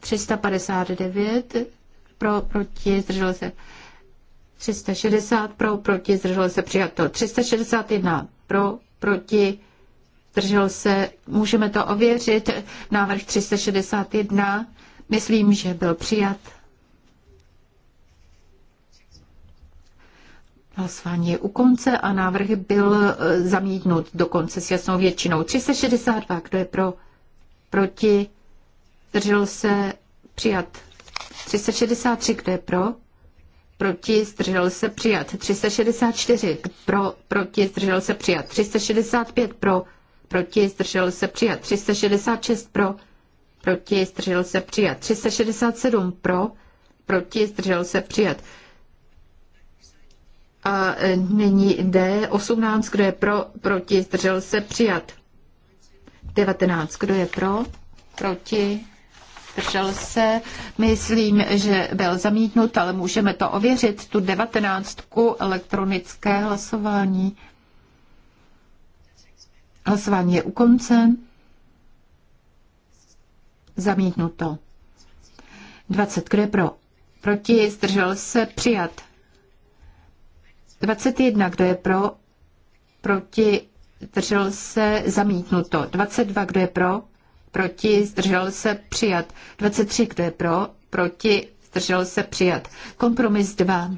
Speaker 1: 359 pro, proti, zdržel se 360 pro, proti, zdržel se přijato 361 pro, proti, zdržel se, můžeme to ověřit, návrh 361, myslím, že byl přijat. Hlasování je u konce a návrh byl eh, zamítnut dokonce s jasnou většinou. 362, kdo je pro, proti, zdržel se, přijat. 363, kdo je pro, proti, zdržel se, přijat. 364, pro, proti, zdržel se, přijat. 365, pro, proti, zdržel se přijat 366 pro, proti, zdržel se přijat 367 pro, proti, zdržel se přijat. A e, nyní D18, kdo je pro, proti, zdržel se přijat. 19, kdo je pro, proti, zdržel se. Myslím, že byl zamítnut, ale můžeme to ověřit, tu 19 elektronické hlasování. Hlasování je u konce. Zamítnuto. 20. Kdo je pro? Proti? Zdržel se? Přijat. 21. Kdo je pro? Proti? Zdržel se? Zamítnuto. 22. Kdo je pro? Proti? Zdržel se? Přijat. 23. Kdo je pro? Proti? Zdržel se? Přijat. Kompromis 2.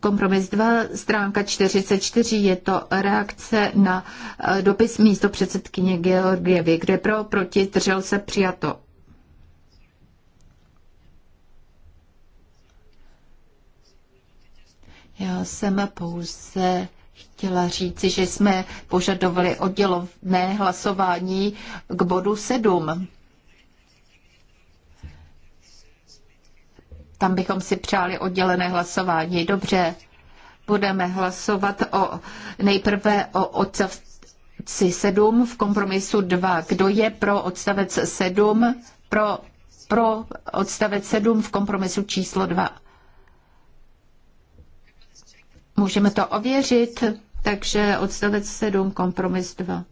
Speaker 1: Kompromis 2, stránka 44, je to reakce na eh, dopis místo předsedkyně Georgievy, kde pro, proti, držel se přijato. Já jsem pouze chtěla říci, že jsme požadovali oddělovné hlasování k bodu 7. tam bychom si přáli oddělené hlasování. Dobře, budeme hlasovat o, nejprve o odstavci 7 v kompromisu 2. Kdo je pro odstavec 7? Pro, pro odstavec 7 v kompromisu číslo 2. Můžeme to ověřit, takže odstavec 7, kompromis 2.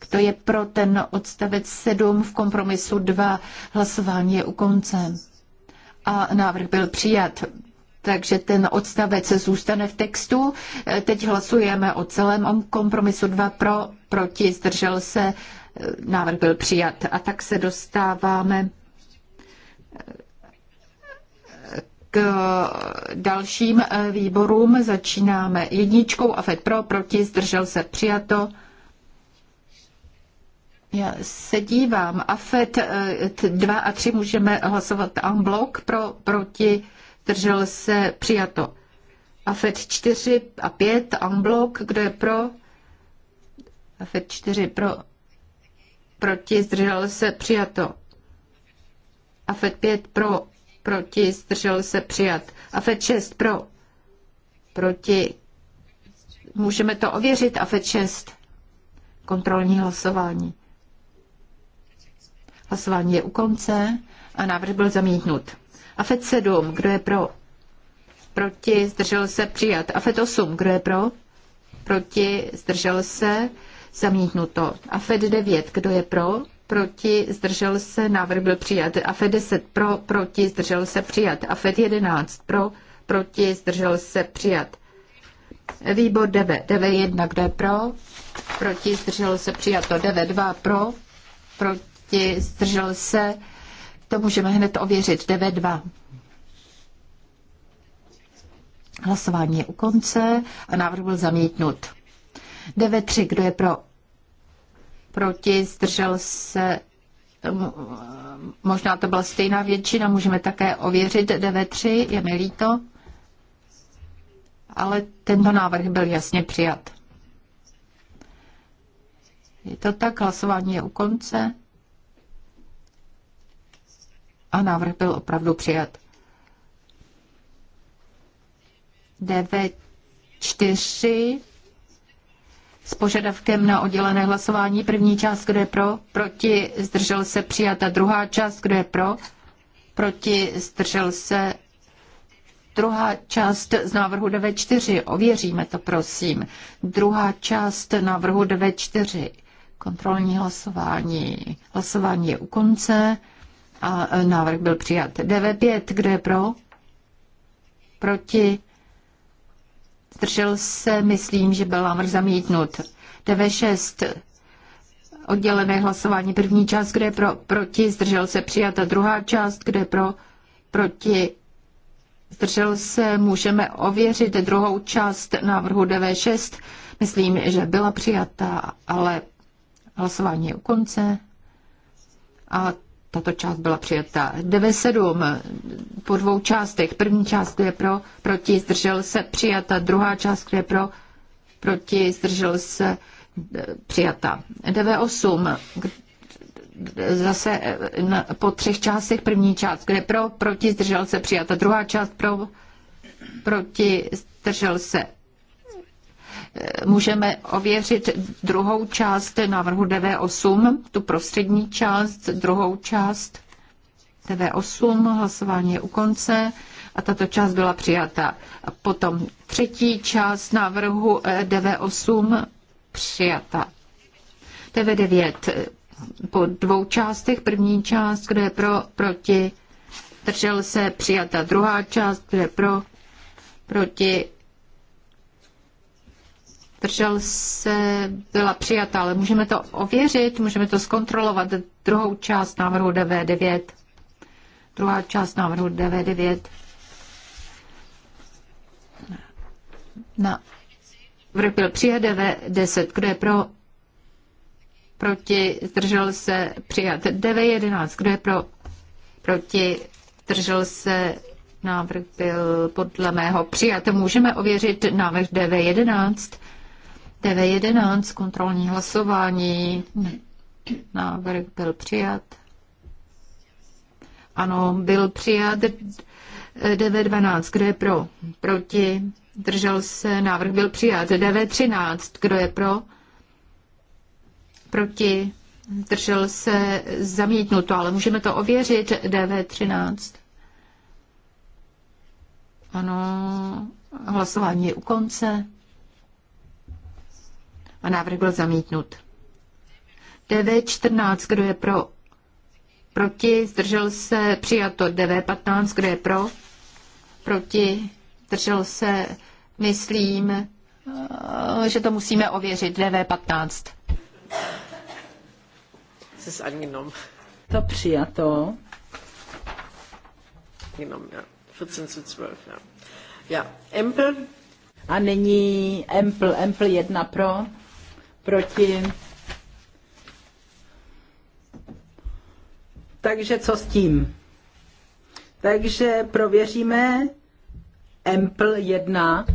Speaker 1: Kdo je pro ten odstavec 7 v kompromisu 2? Hlasování je u konce a návrh byl přijat. Takže ten odstavec zůstane v textu. Teď hlasujeme o celém kompromisu 2 pro, proti, zdržel se, návrh byl přijat. A tak se dostáváme eh, k dalším eh, výborům. Začínáme jedničkou a pro, proti, zdržel se, přijato. Já se dívám. AFET 2 eh, a 3 můžeme hlasovat en bloc pro, proti, držel se přijato. AFET 4 a 5 en bloc, kdo je pro? AFET 4 pro, proti, zdržel se přijato. AFET 5 pro, proti, zdržel se přijat. AFET 6 pro, proti, můžeme to ověřit, AFET 6, kontrolní hlasování. Hlasování je u konce a návrh byl zamítnut. AFET 7, kdo je pro? Proti, zdržel se, přijat. AFET 8, kdo je pro? Proti, zdržel se, zamítnuto. AFET 9, kdo je pro? Proti, zdržel se, návrh byl přijat. AFET 10, pro, proti, zdržel se, přijat. AFET 11, pro, proti, zdržel se, přijat. Výbor 9, 9 1, kdo je pro? Proti, zdržel se, přijato. 9 2, pro, proti proti, zdržel se, to můžeme hned ověřit, 9-2. Hlasování je u konce a návrh byl zamítnut. 9-3, kdo je pro? Proti, zdržel se, možná to byla stejná většina, můžeme také ověřit 9-3, je mi líto, ale tento návrh byl jasně přijat. Je to tak, hlasování je u konce a návrh byl opravdu přijat. DV4 s požadavkem na oddělené hlasování. První část, kdo je pro, proti, zdržel se A Druhá část, kdo je pro, proti, zdržel se Druhá část z návrhu 9.4. Ověříme to, prosím. Druhá část návrhu 9.4. Kontrolní hlasování. Hlasování je u konce. A e, návrh byl přijat. DV5, kdo je pro? Proti? Zdržel se, myslím, že byl návrh zamítnut. DV6, oddělené hlasování. První část, kde je pro, proti, zdržel se přijata. Druhá část, kde je pro, proti, zdržel se. Můžeme ověřit druhou část návrhu DV6. Myslím, že byla přijata, ale hlasování je u konce. A tato část byla přijata. 97 po dvou částech. První část, kde je pro, proti, zdržel se, přijata. Druhá část, kde je pro, proti, zdržel se, přijata. 98 zase eh, po třech částech první část, kde pro, proti, zdržel se, přijata. Druhá část pro, proti, zdržel se, můžeme ověřit druhou část návrhu DV8, tu prostřední část, druhou část DV8, hlasování je u konce a tato část byla přijata. A potom třetí část návrhu eh, DV8 přijata. DV9 eh, po dvou částech. První část, kde je pro, proti, držel se, přijata. Druhá část, kde je pro, proti, držel se, byla přijata, ale můžeme to ověřit, můžeme to zkontrolovat. Druhou část návrhu DV9. Druhá část návrhu DV9. Na vrch byl přijat DV10. Kdo je pro? Proti držel se přijat DV11. Kdo je pro? Proti držel se návrh byl podle mého přijat. Můžeme ověřit návrh DV11. DV11, kontrolní hlasování. Návrh byl přijat. Ano, byl přijat. DV12, kdo je pro? Proti? Držel se, návrh byl přijat. DV13, kdo je pro? Proti? Držel se, zamítnuto, ale můžeme to ověřit. DV13. Ano, hlasování je u konce a návrh byl zamítnut. DV14, kdo je pro? Proti, zdržel se, přijato. DV15, kdo je pro? Proti, zdržel se, myslím, eh, že to musíme ověřit. DV15. To přijato.
Speaker 2: Jenom, já. 14 zu 12, ja. Ja, Empel.
Speaker 3: A nyní Empl, Empl 1 pro, proti. Takže co s tím? Takže prověříme Ample 1.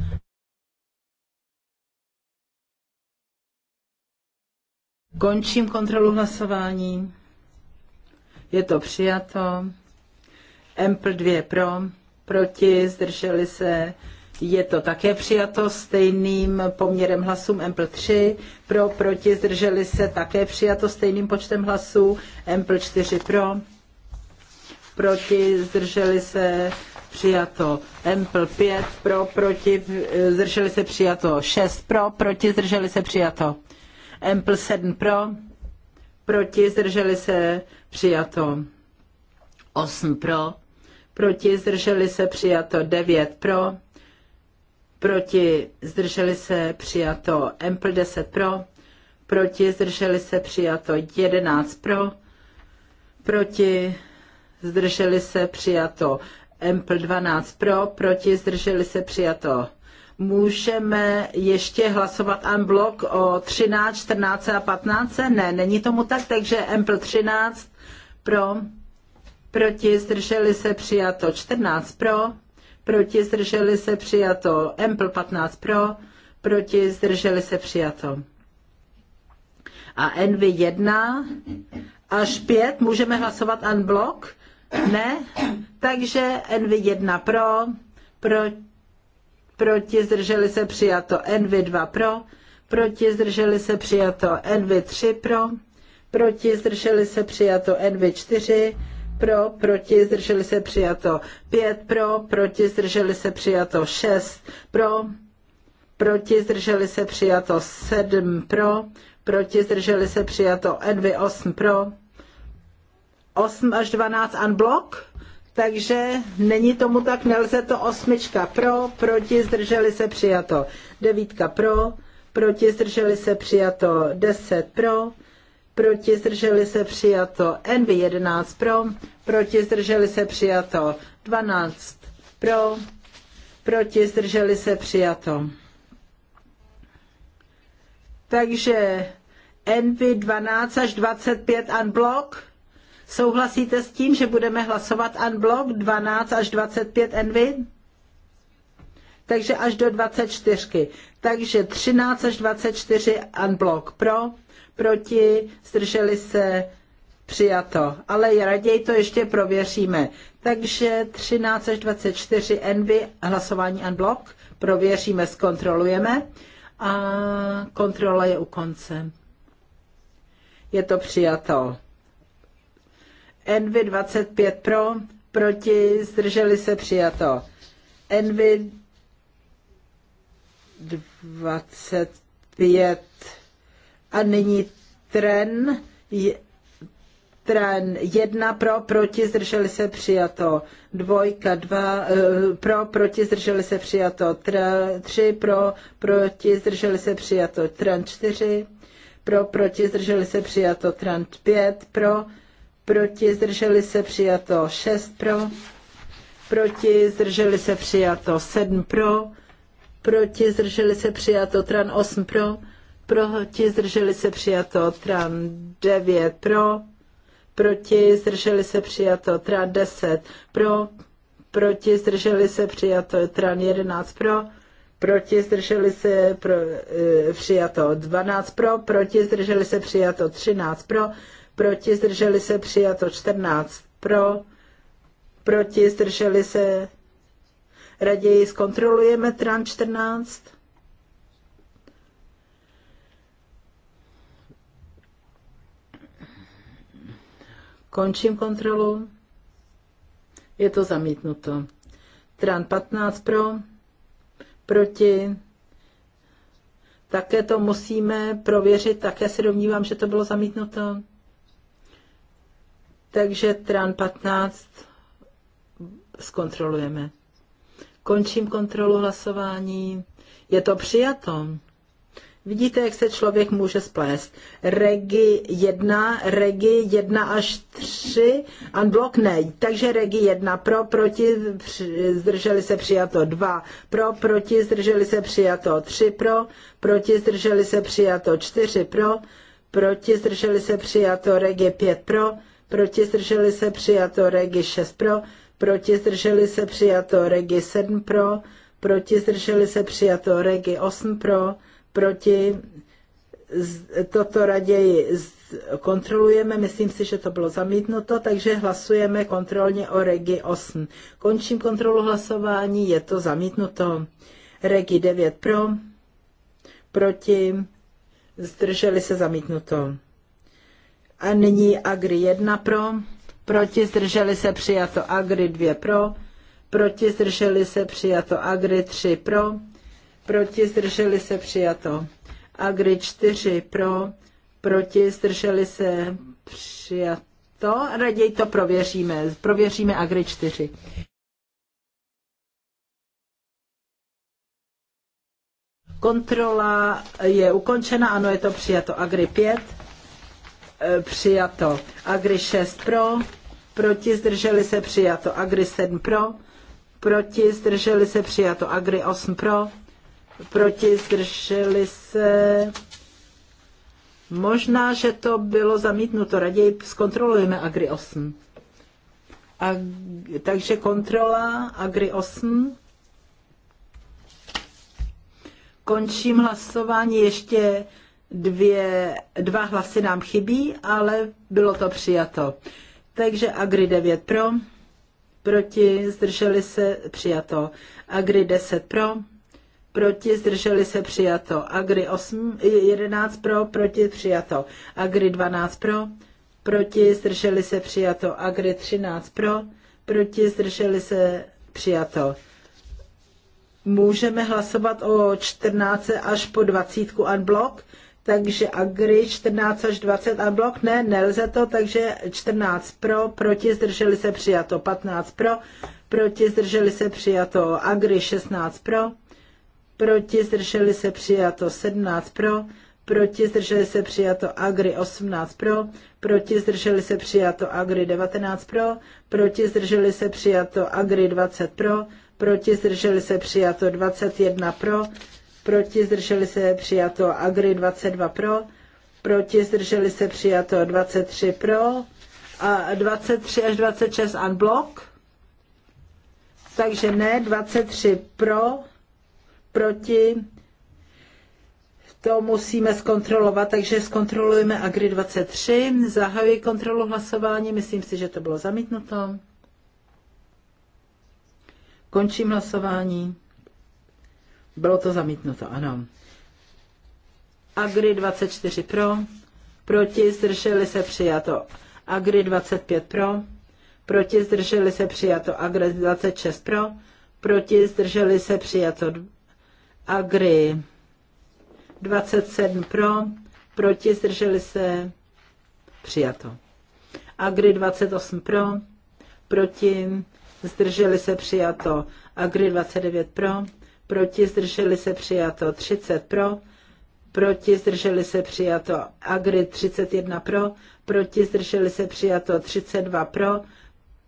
Speaker 3: Končím kontrolu hlasování. Je to přijato. Ample 2 pro, proti, zdrželi se je to také přijato stejným poměrem hlasům Empl 3, pro, proti, zdrželi se také přijato stejným počtem hlasů, Empl 4 pro, proti, zdrželi se přijato Empl 5 pro, proti, zdrželi se přijato 6 pro, proti, zdrželi se přijato Empl 7 pro, proti, zdrželi se přijato 8 pro, proti, zdrželi se přijato 9 pro, proti, zdrželi se, přijato Ample 10 pro, proti, zdrželi se, přijato 11 pro, proti, zdrželi se, přijato Ample 12 pro, proti, zdrželi se, přijato. Můžeme ještě hlasovat unblock o 13, 14 a 15? Ne, není tomu tak, takže Ample 13 pro, proti, zdrželi se, přijato 14 pro, proti zdrželi se přijato. Empl 15 pro, proti zdrželi se přijato. A Envy 1 až 5 můžeme hlasovat unblock? Ne? Takže Envy 1 pro, pro proti zdrželi se přijato. Envy 2 pro, proti zdrželi se přijato. Envy 3 pro, proti zdrželi se přijato. Envy 4 pro, proti, zdrželi se přijato. Pět pro, proti, zdrželi se přijato. Šest pro, proti, zdrželi se přijato. Sedm pro, proti, zdrželi se přijato. Envy osm pro. Osm až dvanáct unblock. Takže není tomu tak, nelze to osmička pro, proti, zdrželi se přijato. Devítka pro, proti, zdrželi se přijato. Deset pro, proti zdrželi se přijato NV 11 pro, proti zdrželi se přijato 12 pro, proti zdrželi se přijato. Takže NV 12 až 25 unblock. Souhlasíte s tím, že budeme hlasovat unblock 12 až 25 NV? Takže až do 24. Takže 13 až 24 unblock pro proti, zdrželi se, přijato. Ale raději to ještě prověříme. Takže 13 až 24 envy, hlasování unblock, prověříme, zkontrolujeme a kontrola je u konce. Je to přijato. Envy 25 pro, proti, zdrželi se přijato. Envy 25 a nyní tren, tren jedna pro, proti, zdrželi se přijato. Dvojka, dva, eh, pro, proti, zdrželi se přijato. tre, tři pro, proti, zdrželi se přijato. Tren čtyři, pro, proti, zdrželi se přijato. Tren pět, pro, proti, zdrželi se přijato. Šest pro, proti, zdrželi se přijato. Sedm pro, proti, zdrželi se přijato. Tran osm pro, proti, zdrželi se přijato, tran 9 pro, proti, zdrželi se přijato, tran 10 pro, proti, zdrželi se přijato, tran 11 pro, proti, zdrželi se pro, e, přijato 12 pro, proti, zdrželi se přijato 13 pro, proti, zdrželi se přijato 14 pro, proti, zdrželi se raději zkontrolujeme tran 14. Končím kontrolu. Je to zamítnuto. Tran 15 pro, proti. Také to musíme prověřit, také se domnívám, že to bylo zamítnuto. Takže Tran 15 zkontrolujeme. Končím kontrolu hlasování. Je to přijato. Vidíte, jak se člověk může splést. Regi 1, Regi 1 až 3, unblock ne. Takže Regi 1 pro, proti, zdrželi se přijato 2, pro, proti, zdrželi se přijato 3, pro, proti, zdrželi se přijato 4, pro, proti, zdrželi se přijato Regi 5, pro, proti, zdrželi se přijato Regi 6, pro, proti, zdrželi se přijato Regi 7, pro, proti, zdrželi se přijato Regi 8, pro, proti. Toto raději kontrolujeme, myslím si, že to bylo zamítnuto, takže hlasujeme kontrolně o Regi 8. Končím kontrolu hlasování, je to zamítnuto. Regi 9 pro, proti, zdrželi se zamítnuto. A nyní Agri 1 pro, proti zdrželi se přijato Agri 2 pro, proti zdrželi se přijato Agri 3 pro, proti, zdrželi se přijato. Agri 4 pro, proti, zdrželi se přijato. Raději to prověříme. Prověříme Agri 4. Kontrola je ukončena, ano, je to přijato. Agri 5, e, přijato. Agri 6 pro, proti, zdrželi se přijato. Agri 7 pro, proti, zdrželi se přijato. Agri 8 pro, proti, zdrželi se. Možná, že to bylo zamítnuto, raději zkontrolujeme Agri 8. A, takže kontrola Agri 8. Končím hlasování, ještě dvě, dva hlasy nám chybí, ale bylo to přijato. Takže Agri 9 pro, proti, zdrželi se, přijato. Agri 10 pro, proti, zdrželi se přijato. Agri 8, 11 pro, proti, přijato. Agri 12 pro, proti, zdrželi se přijato. Agri 13 pro, proti, zdrželi se přijato. Můžeme hlasovat o 14 až po 20 unblock, takže agri 14 až 20 unblock, ne, nelze to, takže 14 pro, proti, zdrželi se přijato. 15 pro, proti, zdrželi se přijato. Agri 16 pro, proti zdrželi se přijato 17 pro, proti zdrželi se přijato Agri 18 pro, proti zdrželi se přijato Agri 19 pro, proti zdrželi se přijato Agri 20 pro, proti zdrželi se přijato 21 pro, proti zdrželi se přijato Agri 22 pro, proti zdrželi se přijato 23 pro a 23 až 26 unblock. Takže ne, 23 pro, proti, to musíme zkontrolovat, takže zkontrolujeme Agri 23, zahajuji kontrolu hlasování, myslím si, že to bylo zamítnuto. Končím hlasování. Bylo to zamítnuto, ano. Agri 24 pro, proti zdrželi se přijato. Agri 25 pro, proti zdrželi se přijato. Agri 26 pro, proti zdrželi se přijato Agri 27 pro, proti zdrželi se přijato. Agri 28 pro, proti zdrželi se přijato. Agri 29 pro, proti zdrželi se přijato. 30 pro, proti zdrželi se přijato. Agri 31 pro, proti zdrželi se přijato. 32 pro,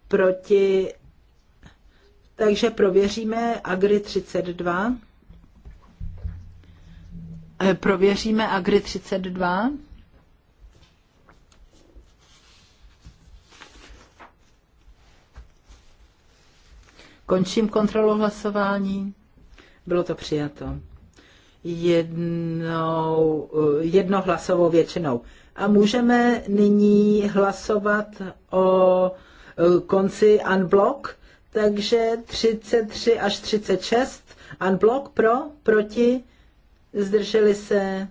Speaker 3: proti. Takže prověříme Agri 32. Eh, prověříme Agri 32. Končím kontrolu hlasování. Bylo to přijato. Jednou, eh, jedno hlasovou většinou. A můžeme nyní hlasovat o eh, konci unblock, takže 33 až 36 unblock pro, proti, zdrželi se.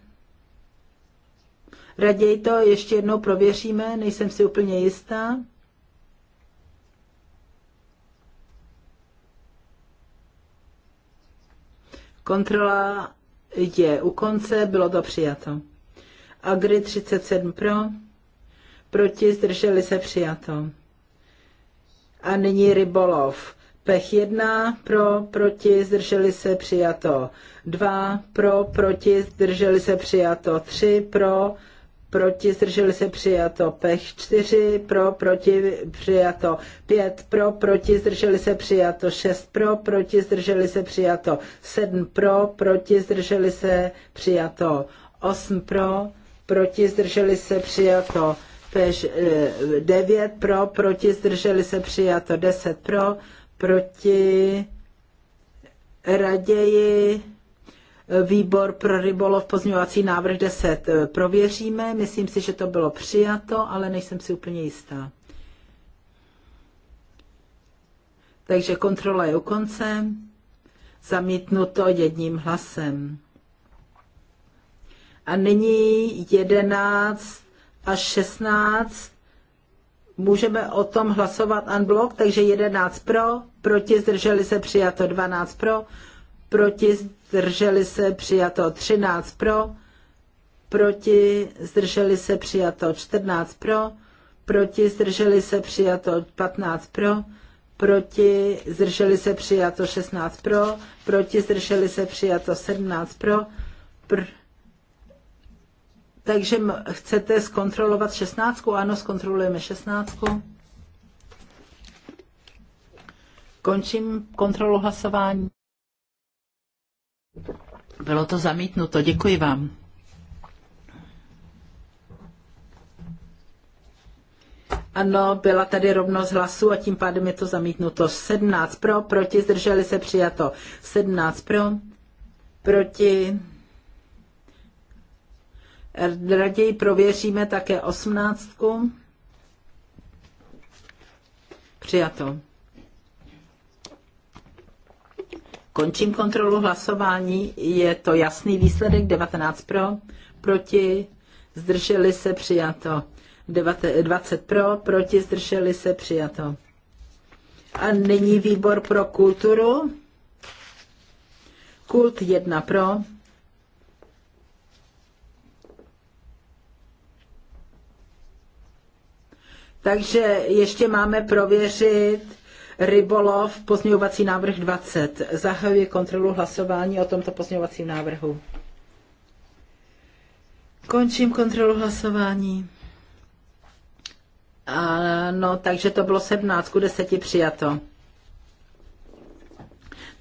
Speaker 3: Raději to ještě jednou prověříme, nejsem si úplně jistá. Kontrola je u konce, bylo to přijato. Agri 37 pro, proti zdrželi se přijato. A nyní rybolov. Pech 1 pro, proti, zdrželi se přijato 2 pro, proti, zdrželi se přijato 3 pro, proti, zdrželi se přijato pech 4, pro, proti, přijato 5, pro, proti, zdrželi se přijato 6, pro, proti, zdrželi se přijato 7, pro, proti, zdrželi se přijato 8, pro, proti, zdrželi se přijato peš 9, eh, pro, proti, zdrželi se přijato 10, pro, proti, raději výbor pro rybolov pozměňovací návrh 10 eh, prověříme. Myslím si, že to bylo přijato, ale nejsem si úplně jistá. Takže kontrola je u konce. Zamítnuto jedním hlasem. A nyní 11 až 16 můžeme o tom hlasovat unblock, takže 11 pro, proti zdrželi se přijato 12 pro, proti zdrželi se přijato 13 pro, proti zdrželi se přijato 14 pro, proti zdrželi se přijato 15 pro, proti zdrželi se přijato 16 pro, proti zdrželi se přijato 17 pro, pr- takže chcete zkontrolovat šestnáctku? Ano, zkontrolujeme šestnáctku. Končím kontrolu hlasování. Bylo to zamítnuto, děkuji vám. Ano, byla tady rovnost hlasu a tím pádem je to zamítnuto. 17 pro, proti, zdrželi se přijato. 17 pro, proti, Raději prověříme také osmnáctku. Přijato. Končím kontrolu hlasování. Je to jasný výsledek 19 pro, proti, zdrželi se přijato. 20 pro, proti, zdrželi se přijato. A nyní výbor pro kulturu. Kult 1 pro, Takže ještě máme prověřit rybolov pozměňovací návrh 20. Zahajuji kontrolu hlasování o tomto pozměňovacím návrhu. Končím kontrolu hlasování. Ano, takže to bylo 17 ku 10 přijato.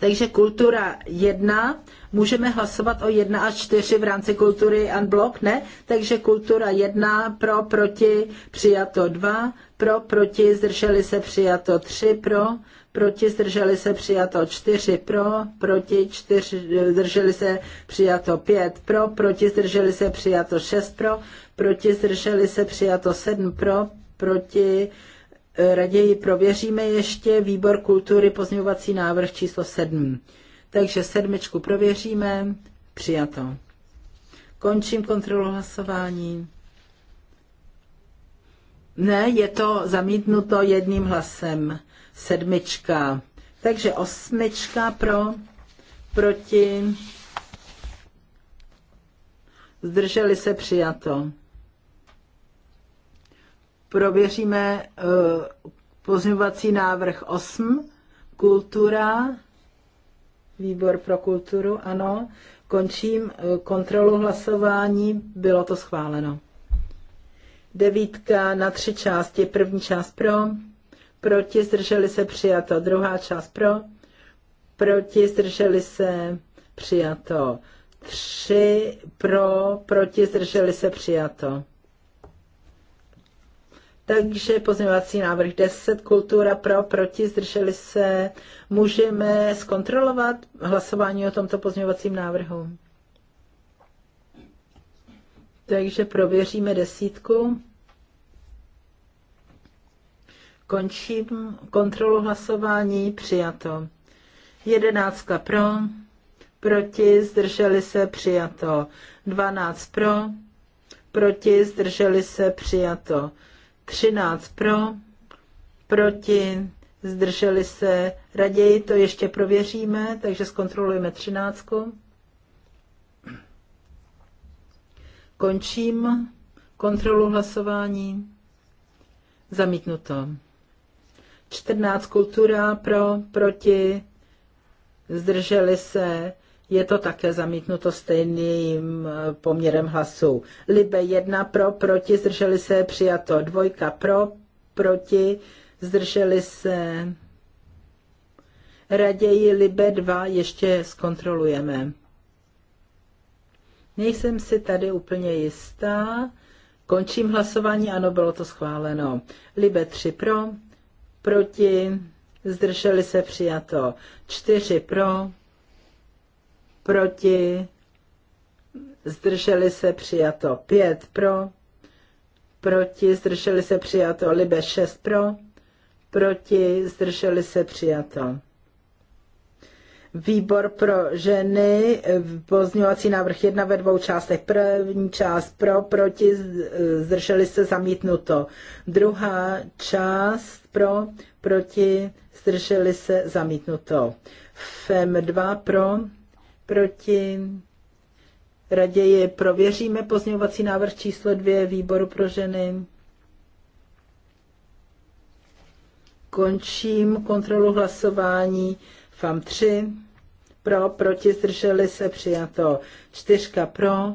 Speaker 3: Takže kultura 1, můžeme hlasovat o 1 a 4 v rámci kultury unblock, ne? Takže kultura 1 pro, proti, přijato 2, pro, proti, zdrželi se přijato 3, pro, proti, zdrželi se přijato 4, pro, proti, 4, zdrželi se přijato 5, pro, proti, zdrželi se přijato 6, pro, proti, zdrželi se přijato 7, pro, proti, raději prověříme ještě výbor kultury pozměňovací návrh číslo 7. Takže sedmičku prověříme, přijato. Končím kontrolu hlasování. Ne, je to zamítnuto jedním hlasem. Sedmička. Takže osmička pro, proti. Zdrželi se přijato prověříme eh, pozměňovací návrh 8, kultura, výbor pro kulturu, ano. Končím eh, kontrolu hlasování, bylo to schváleno. Devítka na tři části, první část pro, proti zdrželi se přijato, druhá část pro, proti zdrželi se přijato, tři pro, proti zdrželi se přijato. Takže pozměňovací návrh 10, kultura pro, proti, zdrželi se. Můžeme zkontrolovat hlasování o tomto pozměňovacím návrhu. Takže prověříme desítku. Končím kontrolu hlasování, přijato. Jedenáctka pro, proti, zdrželi se, přijato. Dvanáct pro, proti, zdrželi se, přijato. 13 pro, proti, zdrželi se, raději to ještě prověříme, takže zkontrolujeme 13. Končím kontrolu hlasování. Zamítnuto. 14 kultura pro, proti, zdrželi se, je to také zamítnuto stejným eh, poměrem hlasů. Libe 1 pro, proti, zdrželi se, přijato. Dvojka pro, proti, zdrželi se. Raději Libe 2 ještě zkontrolujeme. Nejsem si tady úplně jistá. Končím hlasování, ano, bylo to schváleno. Libe 3 pro, proti, zdrželi se přijato. 4 pro, proti, zdrželi se přijato 5 pro, proti, zdrželi se přijato Libe 6 pro, proti, zdrželi se přijato. Výbor pro ženy, pozňovací návrh 1 ve dvou částech. První část pro, proti, zdrželi se zamítnuto. Druhá část pro, proti, zdrželi se zamítnuto. FEM 2 pro, proti. Raději prověříme pozměňovací návrh číslo dvě výboru pro ženy. Končím kontrolu hlasování. FAM 3 pro, proti, zdrželi se, přijato. Čtyřka pro,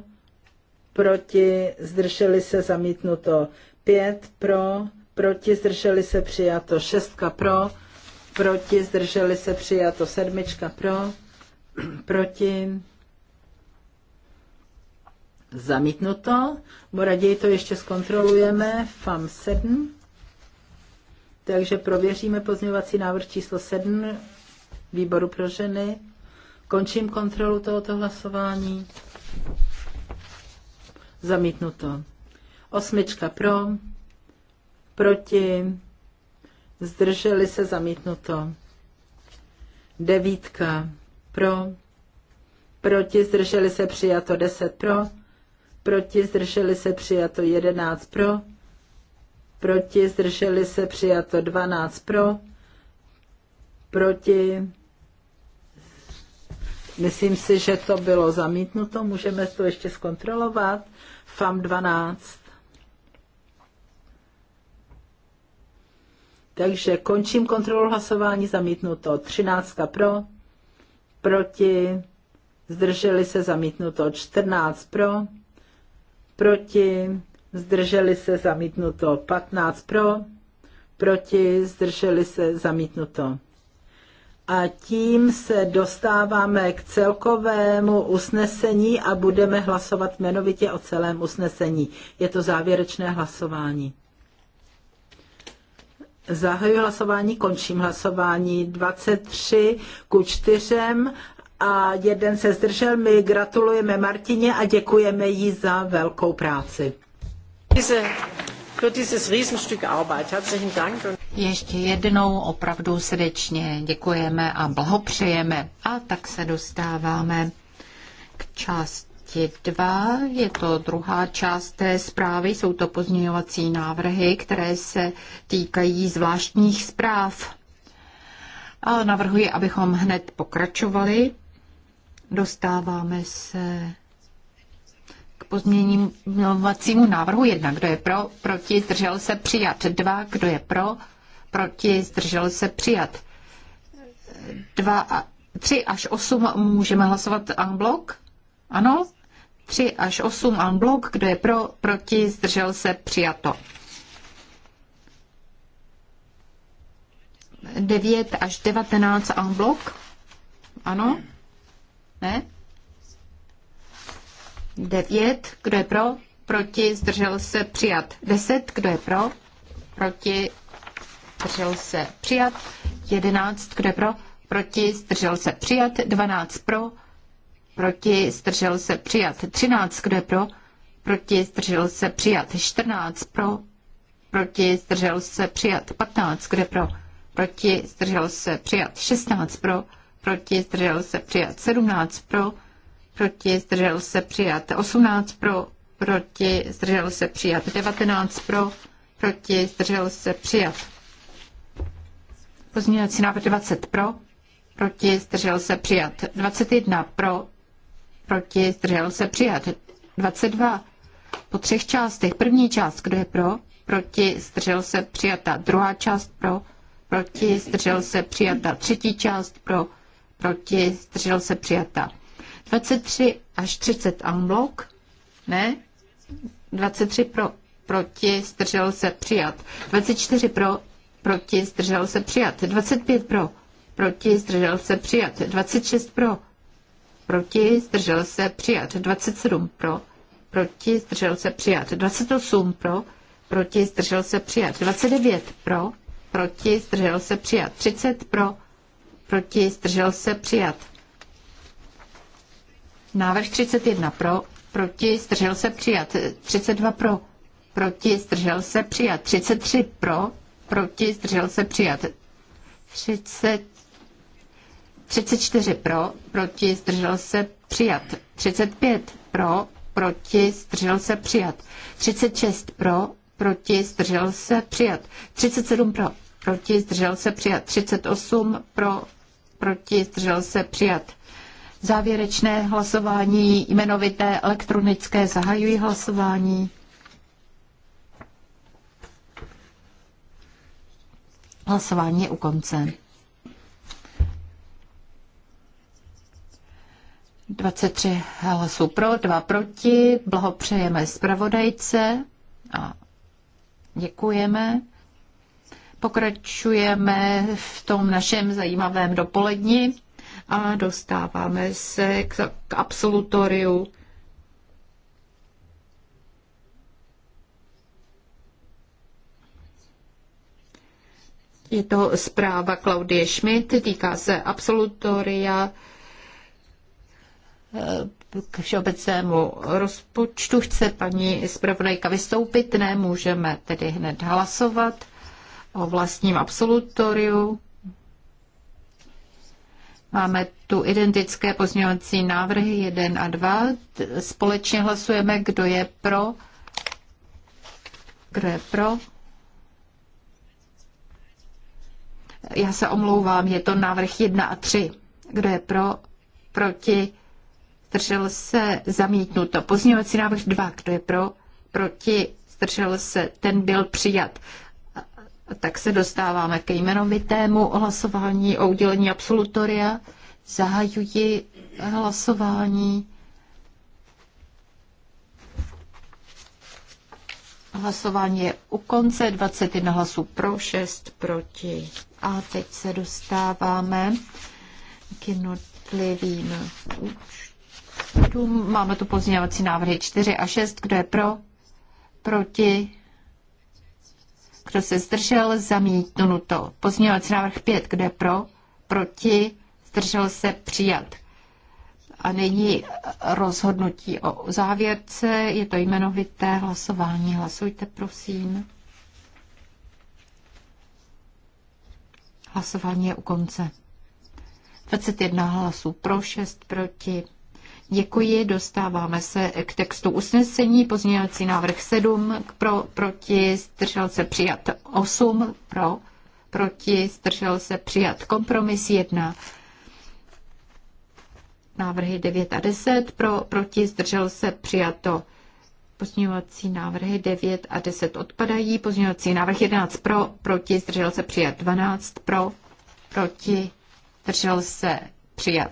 Speaker 3: proti, zdrželi se, zamítnuto. Pět pro, proti, zdrželi se, přijato. Šestka pro, proti, zdrželi se, přijato. Sedmička pro, proti, zamítnuto, bo raději to ještě zkontrolujeme, FAM 7, takže prověříme pozměňovací návrh číslo 7 výboru pro ženy. Končím kontrolu tohoto hlasování. Zamítnuto. Osmička pro, proti, zdrželi se zamítnuto. Devítka pro, proti, zdrželi se přijato 10 pro, proti, zdrželi se přijato 11 pro, proti, zdrželi se přijato 12 pro, proti, myslím si, že to bylo zamítnuto, můžeme to ještě zkontrolovat, FAM 12. Takže končím kontrolu hlasování, zamítnuto 13 pro, proti, zdrželi se zamítnuto 14 pro, proti, zdrželi se zamítnuto 15 pro, proti, zdrželi se zamítnuto. A tím se dostáváme k celkovému usnesení a budeme hlasovat jmenovitě o celém usnesení. Je to závěrečné hlasování. Zahajuji hlasování, končím hlasování 23 ku 4 a jeden se zdržel. My gratulujeme Martině a děkujeme jí za velkou práci.
Speaker 1: Ještě jednou opravdu srdečně děkujeme a blahopřejeme. A tak se dostáváme k část. 32, Je to druhá část té zprávy. Jsou to pozměňovací návrhy, které se týkají zvláštních zpráv. A navrhuji, abychom hned pokračovali. Dostáváme se k pozměňovacímu návrhu Jedna, Kdo je pro, proti, zdržel se přijat. dva, Kdo je pro, proti, zdržel se přijat. dva, a 3 až 8 můžeme hlasovat en bloc? Ano? 3 až 8 unblock, kdo je pro, proti, zdržel se, přijato. 9 až 19 unblock, ano? Ne? 9, kdo je pro, proti, zdržel se, přijat. 10, kdo je pro, proti, zdržel se, přijat. 11, kdo je pro, proti, zdržel se, přijat. 12 pro, proti, zdržel se přijat. 13, kdo je pro, proti, zdržel se přijat. 14, pro, proti, zdržel se přijat. 15, kdo je pro, proti, zdržel se přijat. 16, pro, proti, zdržel se přijat. 17, pro, proti, zdržel se přijat. 18, pro, proti, zdržel se přijat. 19, pro, proti, zdržel se přijat. Pozměňovací návrh 20 pro, proti, zdržel se přijat. 21 pro, proti, zdržel se přijat. 22 po třech částech. První část, kdo je pro, proti, zdržel se přijata. Druhá část pro, proti, zdržel se přijata. Třetí část pro, proti, zdržel se přijata. 23 až 30 unblock, ne? 23 pro, proti, zdržel se přijat. 24 pro, proti, zdržel se přijat. 25 pro, proti, zdržel se přijat. 26 pro, proti, zdržel se přijat 27 pro, proti, zdržel se přijat 28 pro, proti, zdržel se přijat 29 pro, proti, zdržel se přijat 30 pro, proti, zdržel se přijat. Návrh 31 pro, proti, zdržel se přijat 32 pro, proti, zdržel se přijat 33 pro, proti, zdržel se přijat 30 34 pro, proti, zdržel se, přijat. 35 pro, proti, zdržel se, přijat. 36 pro, proti, zdržel se, přijat. 37 pro, proti, zdržel se, přijat. 38 pro, proti, zdržel se, přijat. Závěrečné hlasování jmenovité elektronické zahajují hlasování. Hlasování je u konce. 23 hlasů pro, 2 proti. Blahopřejeme zpravodajce a děkujeme. Pokračujeme v tom našem zajímavém dopoledni a dostáváme se k, k absolutoriu. Je to zpráva Klaudie Schmidt, týká se absolutoria Eh, k všeobecnému rozpočtu. Chce paní zpravodajka vystoupit? Ne, můžeme tedy hned hlasovat o vlastním absolutoriu. Máme tu identické pozměňovací návrhy 1 a 2. Společně hlasujeme, kdo je pro. Kdo je pro? Já se omlouvám, je to návrh 1 a 3. Kdo je pro? Proti? zdržel se, zamítnuto. Pozměňovací návrh 2, kdo je pro, proti, zdržel se, ten byl přijat. Tak se dostáváme ke jmenovitému hlasování o udělení absolutoria. Zahajuji hlasování. Hlasování je u konce, 21 hlasů pro, 6 proti. A teď se dostáváme k jednotlivým účtům 7, máme tu pozměňovací návrhy 4 a 6, kdo je pro, proti, kdo se zdržel, zamítnuto. Pozměňovací návrh 5, kdo je pro, proti, zdržel se, přijat. A nyní rozhodnutí o závěrce, je to jmenovité hlasování. Hlasujte, prosím. Hlasování je u konce. 21 hlasů pro, 6 proti. Děkuji, dostáváme se k textu usnesení. Pozměňovací návrh 7 pro, proti, zdržel se přijat 8 pro, proti, zdržel se přijat kompromis 1. Návrhy 9 a 10 pro, proti, zdržel se přijato Pozměňovací návrhy 9 a 10 odpadají. Pozměňovací návrh 11 pro, proti, zdržel se přijat 12 pro, proti, zdržel se přijat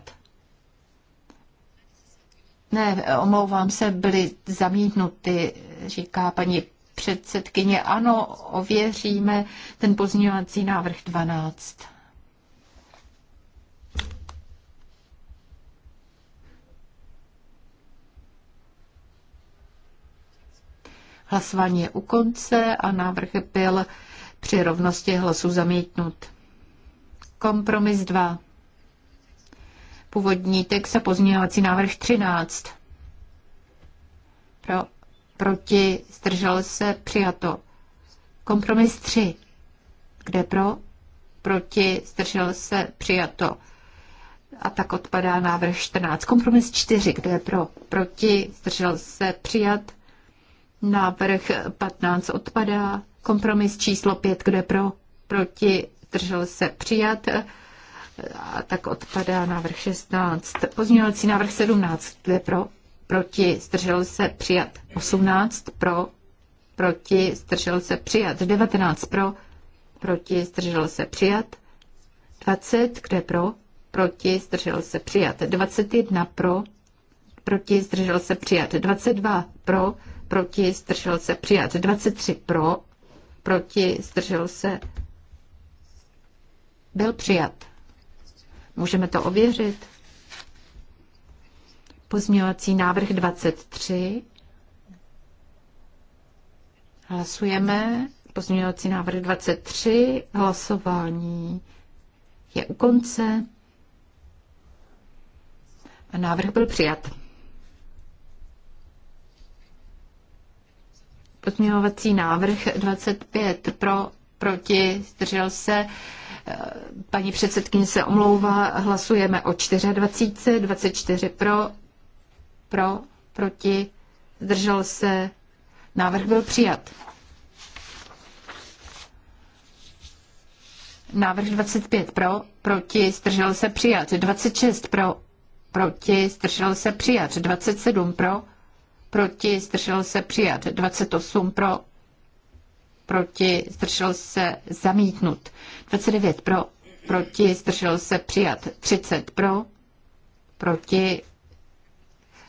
Speaker 1: ne, omlouvám se, byly zamítnuty, říká paní předsedkyně. Ano, ověříme ten pozměňovací návrh 12. Hlasování je u konce a návrh byl při rovnosti hlasů zamítnut. Kompromis 2 původní text a pozměňovací návrh 13. Pro, proti, zdržel se, přijato. Kompromis 3. Kde pro, proti, zdržel se, přijato. A tak odpadá návrh 14. Kompromis 4. Kde pro, proti, zdržel se, přijat. Návrh 15 odpadá. Kompromis číslo 5. Kde pro, proti, zdržel se, přijat a tak odpadá návrh 16. Pozměňovací návrh 17, kde pro, proti, zdržel se přijat 18, pro, proti, zdržel se přijat 19, pro, proti, zdržel se přijat 20, kde pro, proti, zdržel se přijat 21, pro, proti, zdržel se přijat 22, pro, proti, zdržel se přijat 23, pro, proti, zdržel se byl přijat. Můžeme to ověřit? Pozměňovací návrh 23. Hlasujeme. Pozměňovací návrh 23. Hlasování je u konce. A návrh byl přijat. Pozměňovací návrh 25 pro, proti, zdržel se Paní předsedkyně se omlouvá, hlasujeme o 24, 24 pro, pro, proti, zdržel se, návrh byl přijat. Návrh 25 pro, proti, zdržel se přijat. 26 pro, proti, zdržel se přijat. 27 pro, proti, zdržel se přijat. 28 pro, proti, zdržel se zamítnut. 29 pro, proti, zdržel se přijat. 30 pro, proti,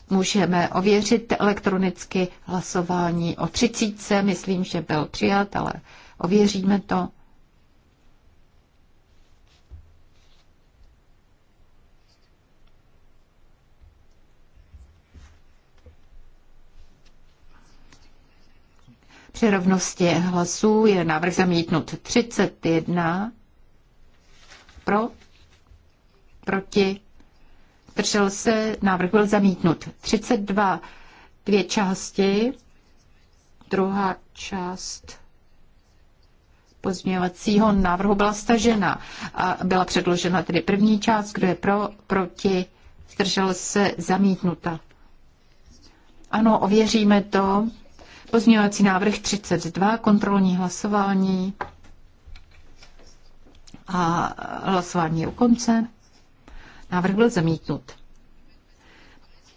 Speaker 1: můžeme ověřit elektronicky hlasování o 30. Myslím, že byl přijat, ale ověříme to. Při rovnosti hlasů je návrh zamítnut 31 pro, proti, držel se, návrh byl zamítnut 32 dvě části, druhá část pozměňovacího návrhu byla stažena a byla předložena tedy první část, kdo je pro, proti, zdržel se, zamítnuta. Ano, ověříme to. Pozměňovací návrh 32, kontrolní hlasování a hlasování je u konce. Návrh byl zamítnut.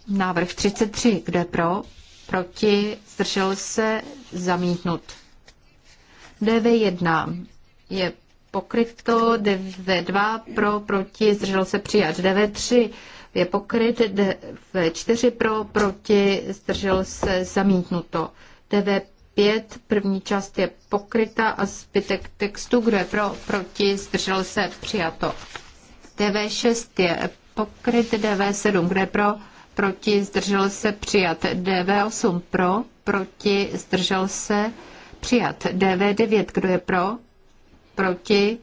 Speaker 1: Návrh 33, kde pro, proti, zdržel se, zamítnut. DV1 je pokryto, DV2 pro, proti, zdržel se přijat. DV3 je pokryt, DV4 pro, proti, zdržel se, zamítnuto tv 5 první část je pokryta a zbytek textu, kdo je pro, proti, zdržel se, přijato. tv 6 je pokryt, tv 7 kdo je pro, proti, zdržel se, přijat. tv 8 pro, proti, zdržel se, přijat. tv 9 kdo je pro, proti,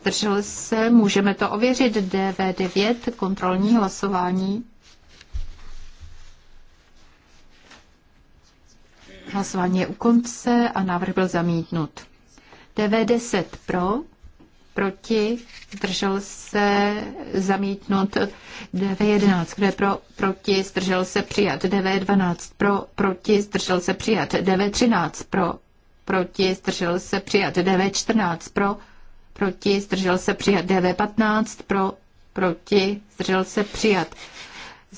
Speaker 1: zdržel se, můžeme to ověřit, tv 9 kontrolní hlasování. Hlasování je u konce a návrh byl zamítnut. TV 10 pro, proti, zdržel se, zamítnut. DV11, kde pro, proti, zdržel se, přijat. DV12 pro, proti, zdržel se, přijat. DV13 pro, proti, zdržel se, přijat. DV14 pro, proti, zdržel se, přijat. DV15 pro, proti, zdržel se, přijat.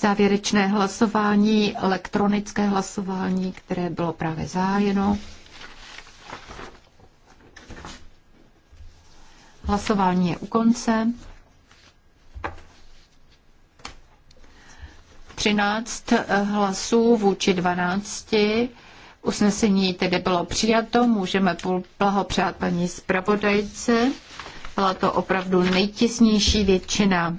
Speaker 1: Závěrečné hlasování, elektronické hlasování, které bylo právě zájeno. Hlasování je u konce. 13 eh, hlasů vůči 12. Usnesení tedy bylo přijato, můžeme blahopřát paní zpravodajce. Byla to opravdu nejtěsnější většina.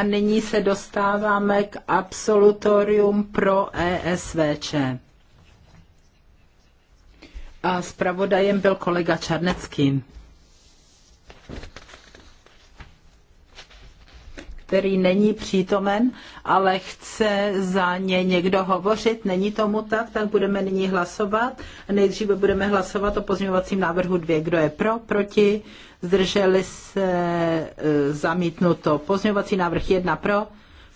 Speaker 3: a nyní se dostáváme k absolutorium pro ESVČ. A zpravodajem byl kolega Čarnecký který není přítomen, ale chce za ně někdo hovořit. Není tomu tak, tak budeme nyní hlasovat. Nejdříve budeme hlasovat o pozměňovacím návrhu 2. Kdo je pro, proti, zdrželi se, e, zamítnuto. Pozměňovací návrh 1 pro,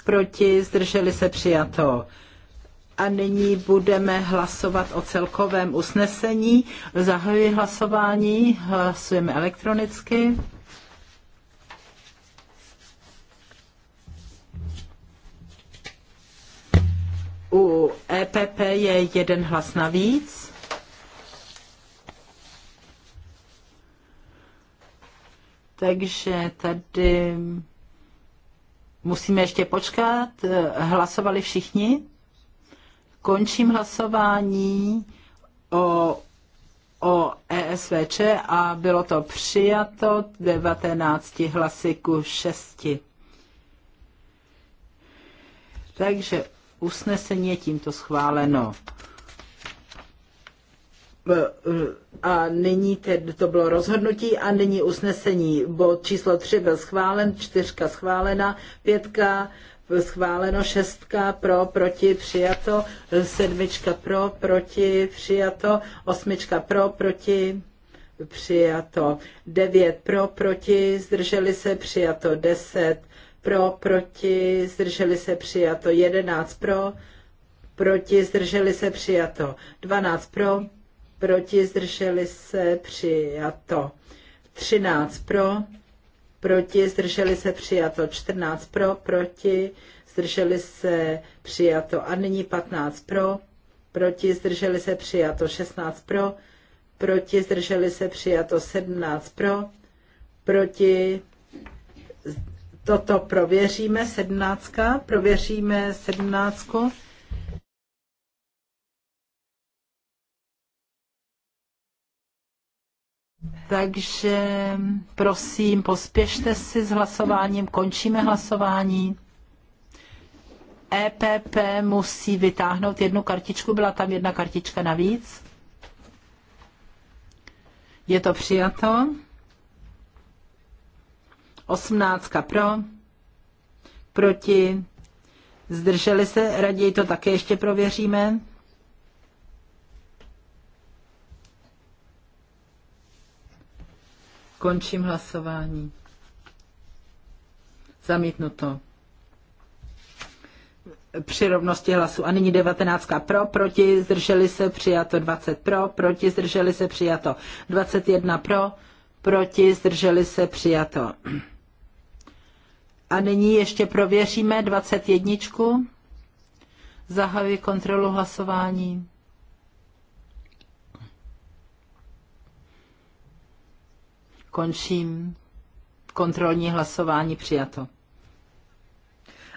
Speaker 3: proti, zdrželi se, přijato. A nyní budeme hlasovat o celkovém usnesení. Zahajuji hlasování, hlasujeme elektronicky. u EPP je jeden hlas navíc. Takže tady musíme ještě počkat. Hlasovali všichni? Končím hlasování o, o ESVČ a bylo to přijato 19 hlasy ku 6. Takže Usnesení je tímto schváleno. E, e, a nyní tedy to bylo rozhodnutí a nyní usnesení. Bod číslo 3 byl schválen, čtyřka schválena, pětka schváleno, šestka pro, proti, přijato, sedmička pro, proti, přijato, osmička pro, proti, přijato, devět pro, proti, zdrželi se, přijato, deset pro, proti, zdrželi se přijato. 11 pro, proti, zdrželi se přijato. 12 pro, proti, zdrželi se přijato. 13 pro, proti, zdrželi se přijato. 14 pro, proti, zdrželi se přijato. A nyní 15 pro, proti, zdrželi se přijato. 16 pro, proti, zdrželi se přijato. 17 pro, proti, toto prověříme, sedmnáctka, prověříme sedmnáctku. Takže prosím, pospěšte si s hlasováním, končíme hlasování. EPP musí vytáhnout jednu kartičku, byla tam jedna kartička navíc. Je to přijato. 18 pro, proti, zdrželi se, raději to také ještě prověříme. Končím hlasování. Zamítnuto. Při rovnosti hlasu. A nyní 19 pro, proti, zdrželi se, přijato 20 pro, proti, zdrželi se, přijato 21 pro, proti, zdrželi se, přijato. A nyní ještě prověříme 21. Zahajuji kontrolu hlasování. Končím. Kontrolní hlasování přijato.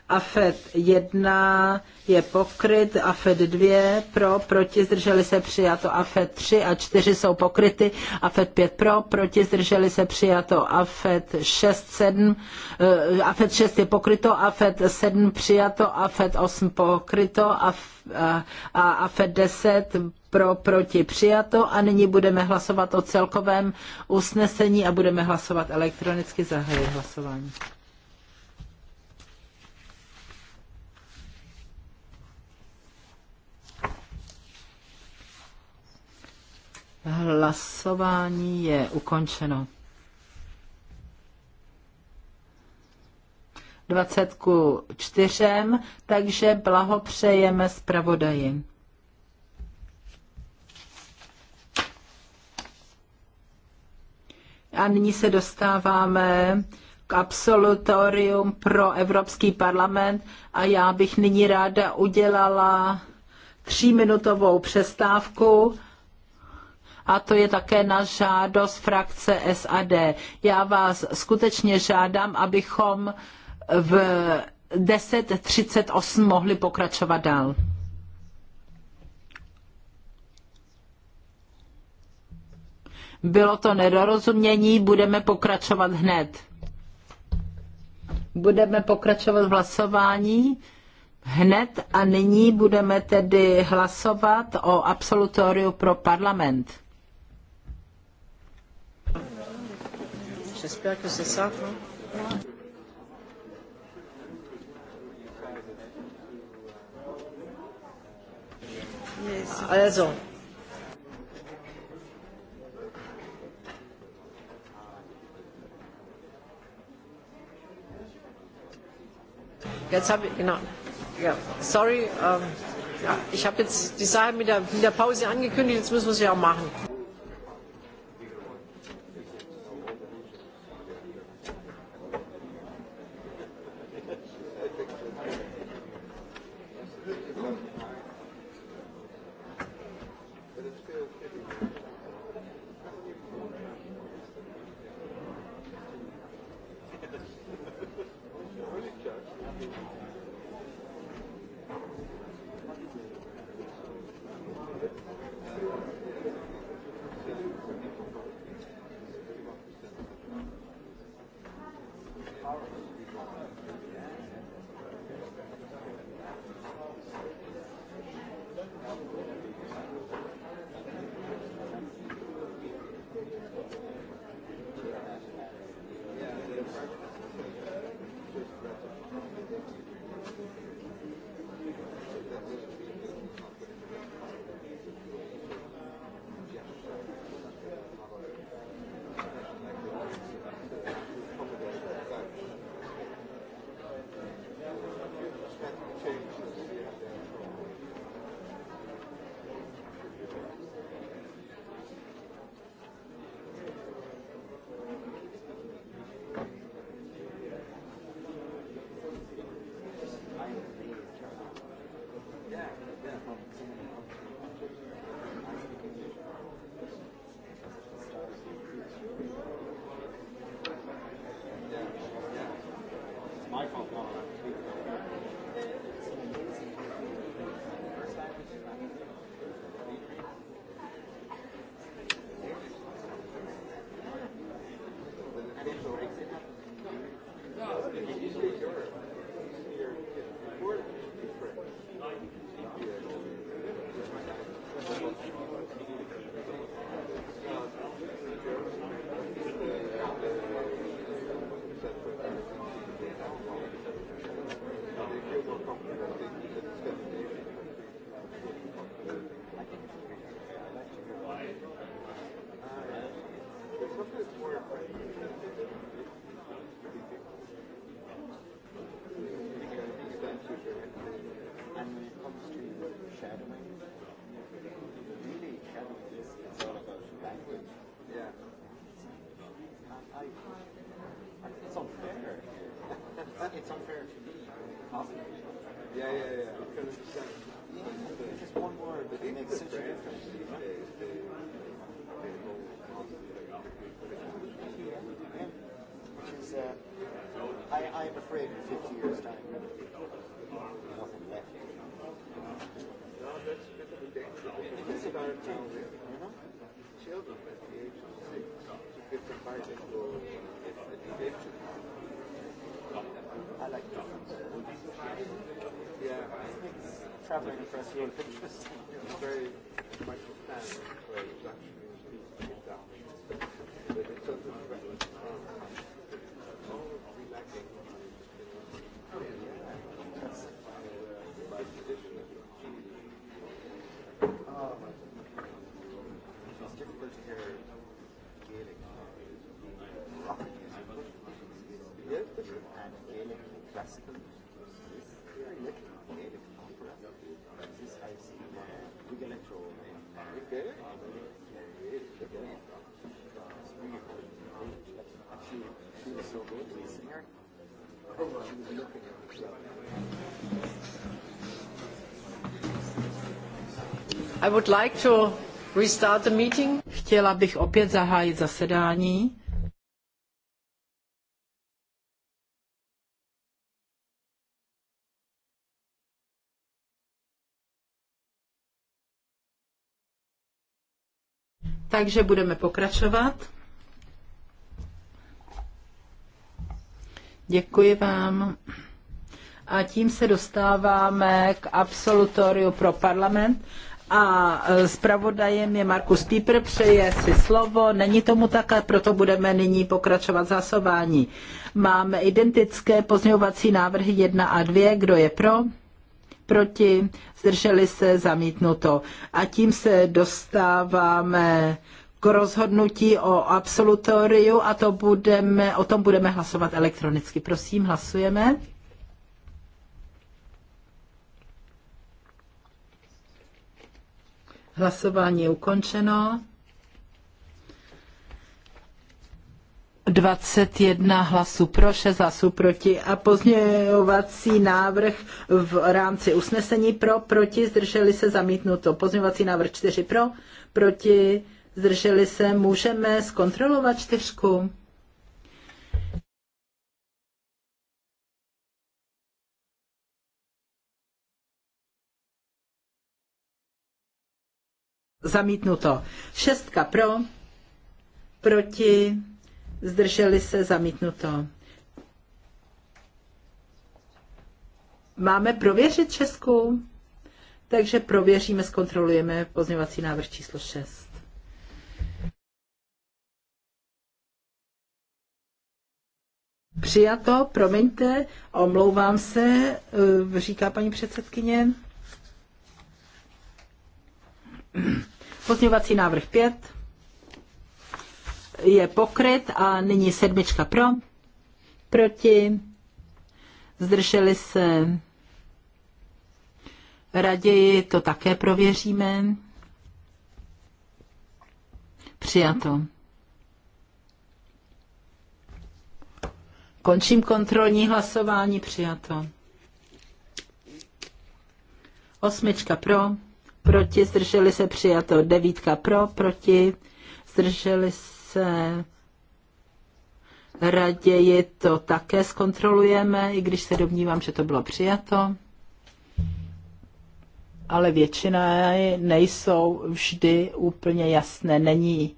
Speaker 3: AFED 1 je pokryt, AFED 2 pro, proti, zdrželi se přijato, AFED 3 a 4 jsou pokryty, AFED 5 pro, proti, zdrželi se přijato, AFED 6, 7, uh, AFED 6 je pokryto, AFED 7 přijato, AFED 8 pokryto eh, a, a AFED 10 pro, proti přijato a nyní budeme hlasovat o celkovém usnesení a budeme hlasovat elektronicky, zahajuji hlasování. Hlasování je ukončeno. 20 ku 4, takže blahopřejeme zpravodaji. A nyní se dostáváme k absolutorium pro Evropský parlament a já bych nyní ráda udělala tříminutovou přestávku a to je také na žádost frakce SAD. Já vás skutečně žádám, abychom v 10.38 mohli pokračovat dál. Bylo to nedorozumění, budeme pokračovat hned. Budeme pokračovat v hlasování hned a nyní budeme tedy hlasovat o absolutoriu pro parlament.
Speaker 2: J'espère que c'est ça. Non Also, jetzt habe ich, genau, ja, sorry, ähm, ja, ich habe jetzt die Sache mit der, mit der Pause angekündigt, jetzt müssen wir sie auch machen. Yeah, yeah, yeah. Even just one word, but it makes such a difference. Which is, uh, I, I'm afraid in 50 years' time, nothing left. No, that's a bit of a danger. It is about it, you know? Children at the age of six, different bicycle education. I like different Yeah, traveling across Europe, interesting. Very much a production. I would like to
Speaker 3: restart the meeting. Chtěla bych opět zahájit zasedání. Takže budeme pokračovat. Děkuji vám. A tím se dostáváme k absolutoriu pro parlament a e, zpravodajem je Markus Pieper, přeje si slovo. Není tomu tak, a proto budeme nyní pokračovat hlasování. Máme identické pozměňovací návrhy 1 a 2. Kdo je pro? Proti? Zdrželi se? Zamítnuto. A tím se dostáváme k rozhodnutí o absolutoriu a to budeme, o tom budeme hlasovat elektronicky. Prosím, hlasujeme. Hlasování je ukončeno. 21 hlasů pro, 6 hlasů proti a pozměňovací návrh v rámci usnesení pro, proti, zdrželi se zamítnuto. Pozměňovací návrh 4 pro, proti, zdrželi se. Můžeme zkontrolovat čtyřku? zamítnuto. Šestka pro, proti, zdrželi se, zamítnuto. Máme prověřit Česku? Takže prověříme, zkontrolujeme pozměvací návrh číslo 6. Přijato, promiňte, omlouvám se, eh, říká paní předsedkyně. Pozměňovací návrh 5 je pokryt a nyní sedmička pro, proti, zdrželi se, raději to také prověříme. Přijato. Končím kontrolní hlasování, přijato. Osmička pro, proti, zdrželi se přijato. Devítka pro, proti, zdrželi se. Raději to také zkontrolujeme, i když se domnívám, že to bylo přijato. Ale většina nejsou vždy úplně jasné. Není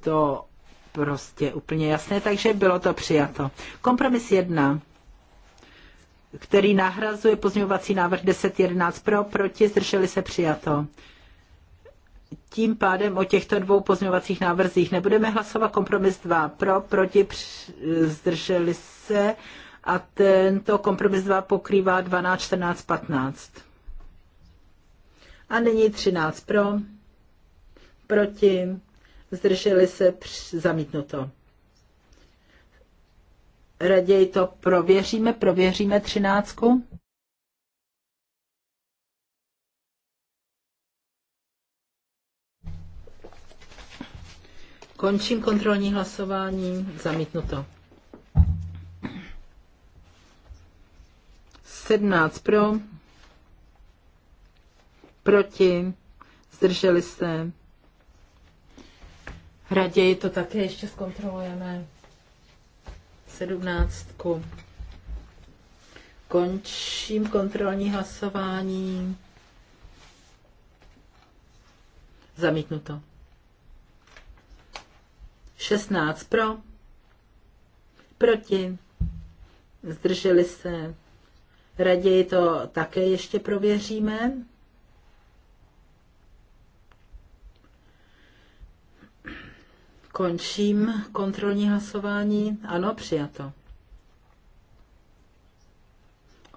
Speaker 3: to prostě úplně jasné, takže bylo to přijato. Kompromis jedna který nahrazuje pozměňovací návrh 1011 pro, proti, zdrželi se přijato. Tím pádem o těchto dvou pozměňovacích návrzích nebudeme hlasovat. Kompromis 2 pro, proti, zdrželi se a tento kompromis 2 pokrývá 12, 14, 15. A nyní 13 pro, proti, zdrželi se, zamítnuto raději to prověříme, prověříme třináctku. Končím kontrolní hlasování. Zamítnuto. 17 pro, proti, zdrželi se. Raději to také ještě zkontrolujeme sedmnáctku. Končím kontrolní hlasování. Zamítnuto. 16 pro, proti, zdrželi se. Raději to také ještě prověříme. Končím kontrolní hlasování. Ano, přijato.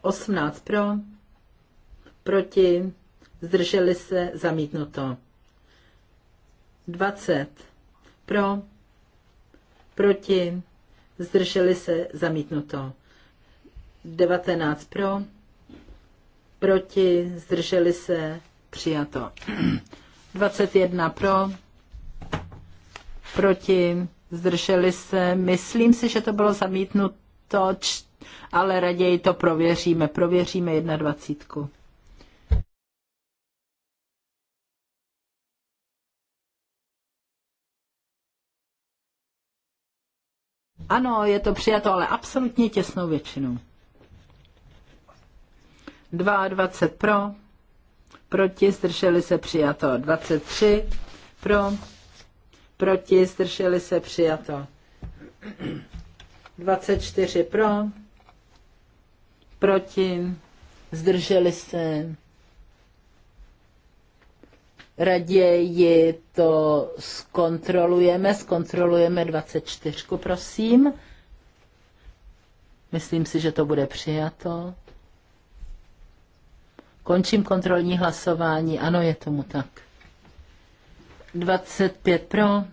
Speaker 3: 18 pro, proti, zdrželi se, zamítnuto. 20 pro, proti, zdrželi se, zamítnuto. 19 pro, proti, zdrželi se, přijato. 21 pro, proti, zdrželi se. Myslím si, že to bylo zamítnuto, ale raději to prověříme. Prověříme 21. Ano, je to přijato, ale absolutně těsnou většinou. 22 pro, proti, zdrželi se přijato 23 pro, proti, zdrželi se, přijato. 24 pro, proti, zdrželi se. Raději to zkontrolujeme, zkontrolujeme 24, prosím. Myslím si, že to bude přijato. Končím kontrolní hlasování. Ano, je tomu tak. 25 pro,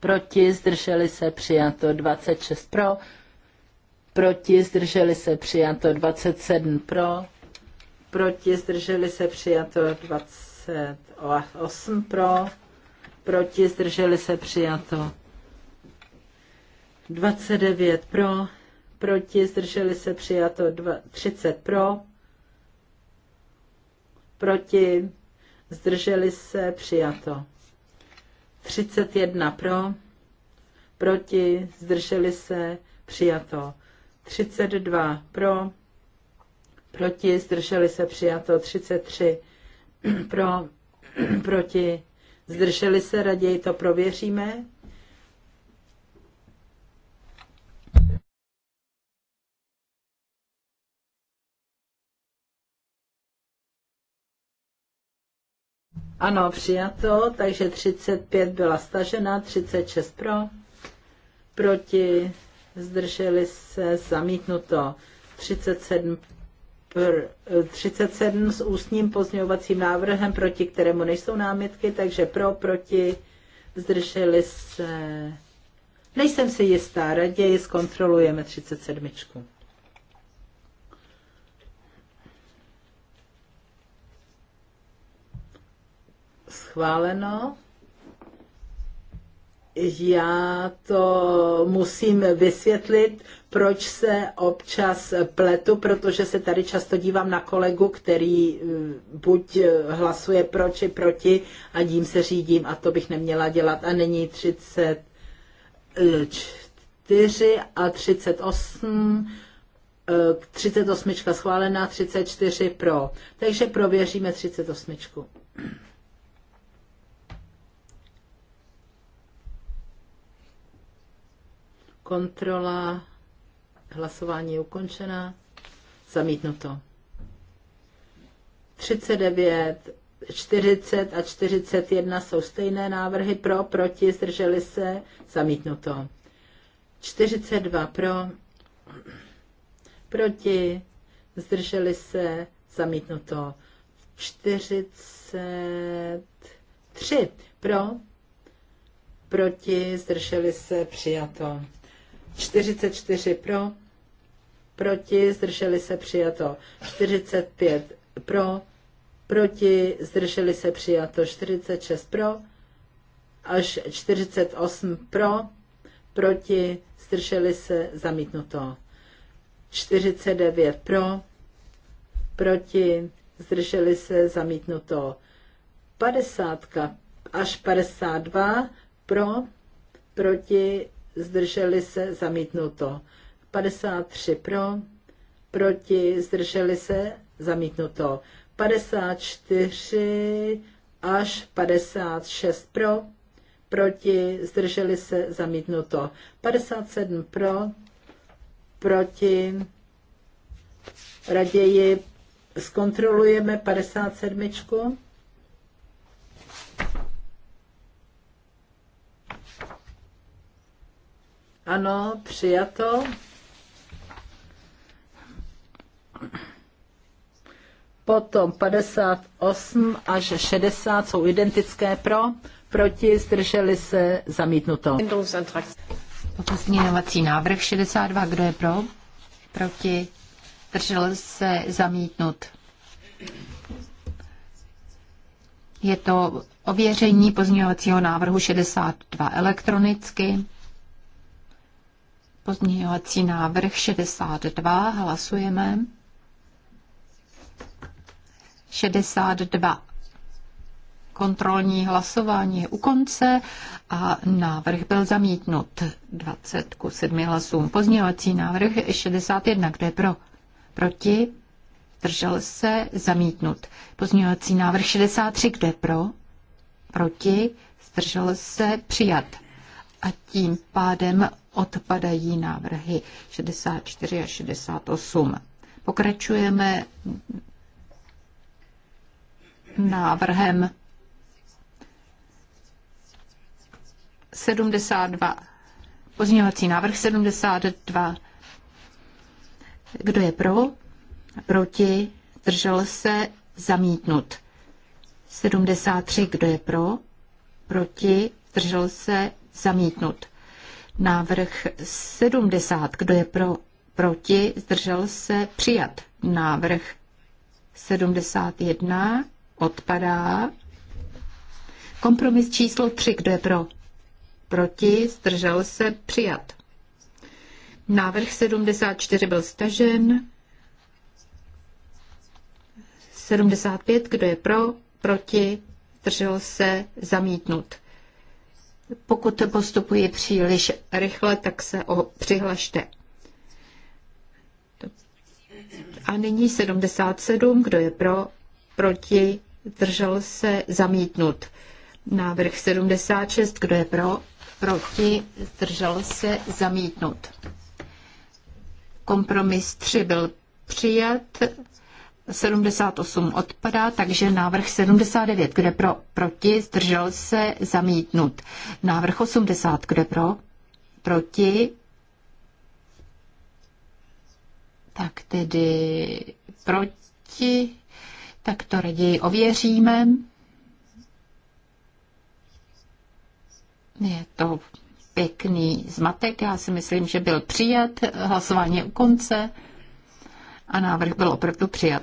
Speaker 3: proti, zdrželi se přijato 26 pro, proti, zdrželi se přijato 27 pro, proti, zdrželi se přijato 28 pro, proti, zdrželi se přijato 29 pro, proti, zdrželi se přijato 30 pro, proti, zdrželi se přijato. 31 pro, proti, zdrželi se, přijato. 32 pro, proti, zdrželi se, přijato. 33 pro, proti, zdrželi se, raději to prověříme. Ano, přijato, takže 35 byla stažena, 36 pro, proti, zdrželi se, zamítnuto, 37, pr, 37 s ústním pozměňovacím návrhem, proti kterému nejsou námitky, takže pro, proti, zdrželi se. Nejsem si jistá, raději zkontrolujeme 37. schváleno. Já to musím vysvětlit, proč se občas pletu, protože se tady často dívám na kolegu, který eh, buď eh, hlasuje pro či proti a dím se řídím a to bych neměla dělat. A není 34 eh, a 38 38 schválená, 34 pro. Takže prověříme 38. Kontrola. Hlasování je ukončena. Zamítnuto. 39, 40 a 41 jsou stejné návrhy pro, proti, zdrželi se, zamítnuto. 42 pro, proti, zdrželi se, zamítnuto. 43 pro, proti, zdrželi se, přijato. 44 pro, proti, zdrželi se přijato 45 pro, proti, zdrželi se přijato 46 pro, až 48 pro, proti, zdrželi se zamítnuto 49 pro, proti, zdrželi se zamítnuto 50 až 52 pro, proti, zdrželi se, zamítnuto. 53 pro, proti, zdrželi se, zamítnuto. 54 až 56 pro, proti, zdrželi se, zamítnuto. 57 pro, proti, raději zkontrolujeme 57. Ano, přijato. Potom 58 až 60 jsou identické pro, proti, zdrželi se, zamítnuto.
Speaker 1: Pozměňovací návrh 62, kdo je pro, proti, zdržel se, zamítnut. Je to ověření pozměňovacího návrhu 62 elektronicky. Pozměňovací návrh 62. Hlasujeme. 62. Kontrolní hlasování je u konce a návrh byl zamítnut 20 ku 7 hlasům. Pozměňovací návrh 61. Kde je pro? Proti? Držel se? Zamítnut. Pozměňovací návrh 63. Kde je pro? Proti? Zdržel se? Přijat. A tím pádem odpadají návrhy 64 a 68. Pokračujeme návrhem 72. Pozměňovací návrh 72. Kdo je pro? Proti? Držel se? Zamítnut. 73. Kdo je pro? Proti? Držel se? Zamítnut. Návrh 70. Kdo je pro? Proti? Zdržel se? Přijat. Návrh 71. Odpadá. Kompromis číslo 3. Kdo je pro? Proti? Zdržel se? Přijat. Návrh 74 byl stažen. 75. Kdo je pro? Proti? Zdržel se? Zamítnut. Pokud postupuje příliš rychle, tak se o, přihlašte. A nyní 77, kdo je pro, proti, držel se, zamítnut. Návrh 76, kdo je pro, proti, zdržel se, zamítnut. Kompromis 3 byl přijat, 78 odpadá, takže návrh 79, kde pro, proti, zdržel se, zamítnut. Návrh 80, kde pro, proti, tak tedy proti, tak to raději ověříme. Je to pěkný zmatek, já si myslím, že byl přijat, hlasování u konce a návrh byl opravdu přijat.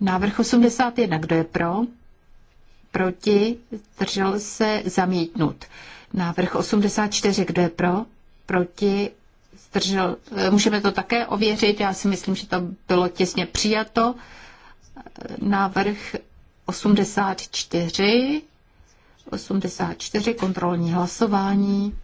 Speaker 1: Návrh 81, kdo je pro? Proti? Zdržel se? Zamítnut. Návrh 84, kdo je pro? Proti? Zdržel, eh, můžeme to také ověřit, já si myslím, že to bylo těsně přijato. Návrh 84, 84, kontrolní hlasování.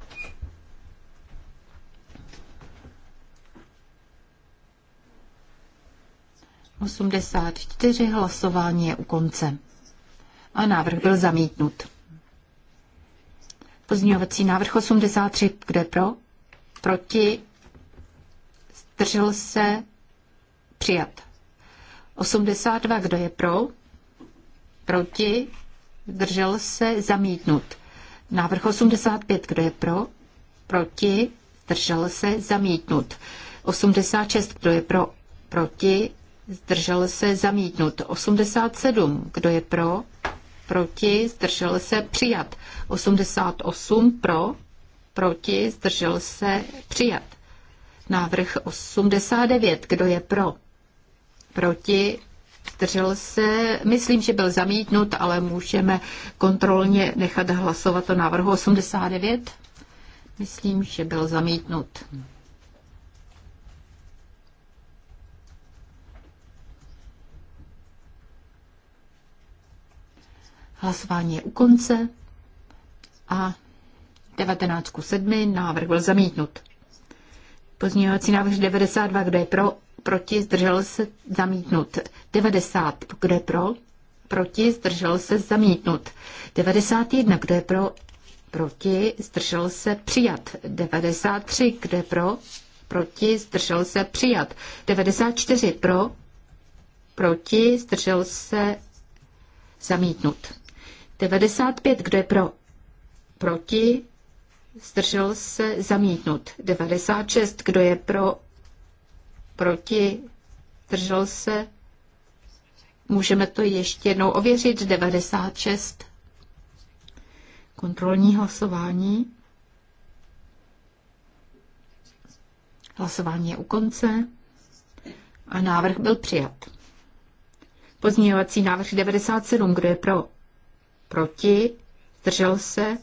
Speaker 1: 84 hlasování je u konce. A návrh byl zamítnut. Pozměňovací návrh 83, kde pro? Proti? Zdržel se? Přijat. 82, kdo je pro? Proti? Zdržel se? Zamítnut. Návrh 85, kdo je pro? Proti? Zdržel se? Zamítnut. 86, kdo je pro? Proti? zdržel se zamítnut. 87, kdo je pro, proti, zdržel se přijat. 88 pro, proti, zdržel se přijat. Návrh 89, kdo je pro, proti, zdržel se. Myslím, že byl zamítnut, ale můžeme kontrolně nechat hlasovat o návrhu 89. Myslím, že byl zamítnut. Hlasování je u konce a 19.7. návrh byl zamítnut. Pozměňovací návrh 92, kdo je pro, proti, zdržel se zamítnut. 90, kdo je pro, proti, zdržel se zamítnut. 91, kdo je pro, proti, zdržel se přijat. 93, kdo je pro, proti, zdržel se přijat. 94, pro, proti, zdržel se zamítnut. 95, kdo je pro? Proti? Zdržel se zamítnut. 96, kdo je pro? Proti? Zdržel se? Můžeme to ještě jednou ověřit. 96. Kontrolní hlasování. Hlasování je u konce a návrh byl přijat. Pozměňovací návrh 97, kdo je pro? proti, zdržel se,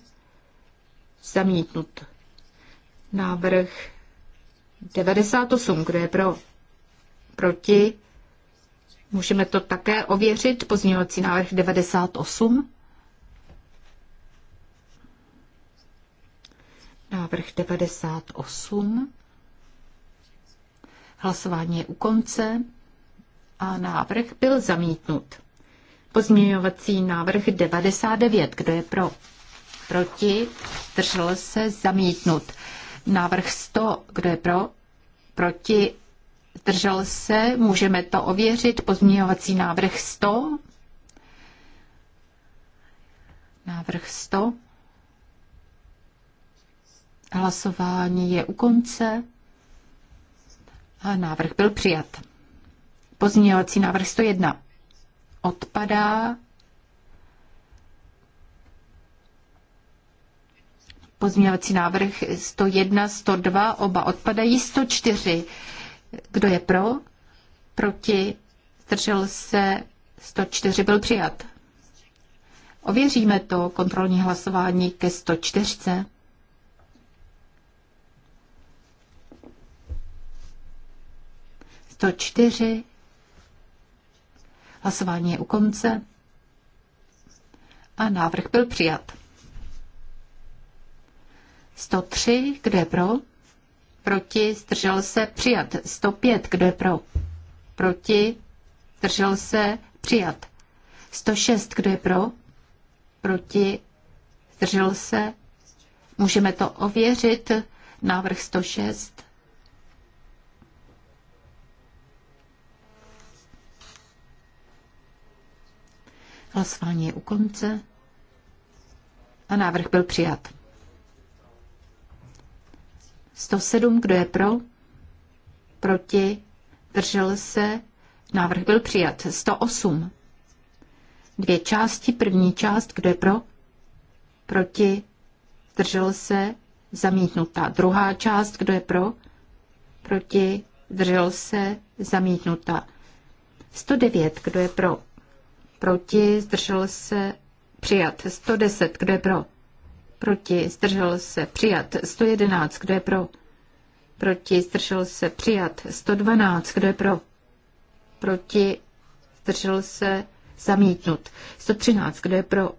Speaker 1: zamítnut. Návrh 98, kdo je pro, proti, můžeme to také ověřit, pozměňovací návrh 98. Návrh 98. Hlasování je u konce a návrh byl zamítnut. Pozměňovací návrh 99. Kdo je pro? Proti? Držel se zamítnut. Návrh 100. Kdo je pro? Proti? Držel se. Můžeme to ověřit. Pozměňovací návrh 100. Návrh 100. Hlasování je u konce. A návrh byl přijat. Pozměňovací návrh 101 odpadá. Pozměňovací návrh 101, 102, oba odpadají. 104. Kdo je pro? Proti? Zdržel se? 104 byl přijat. Ověříme to kontrolní hlasování ke 104. Sto čtyři Hlasování je u konce. A návrh byl přijat. 103, kdo je pro? Proti, zdržel se, přijat. 105, kdo je pro? Proti, zdržel se, přijat. 106, kdo je pro? Proti, zdržel se. Můžeme to ověřit. Návrh 106. Hlasování je u konce. A návrh byl přijat. 107, kdo je pro? Proti? Držel se? Návrh byl přijat. 108. Dvě části. První část, kdo je pro? Proti? Držel se? Zamítnutá. Druhá část, kdo je pro? Proti? Držel se? Zamítnutá. 109, kdo je pro? Proti zdržel se přijat 110, kdo je pro? Proti zdržel se přijat 111, kdo je pro? Proti zdržel se přijat 112, kdo je pro? Proti zdržel se zamítnut 113, kdo je pro?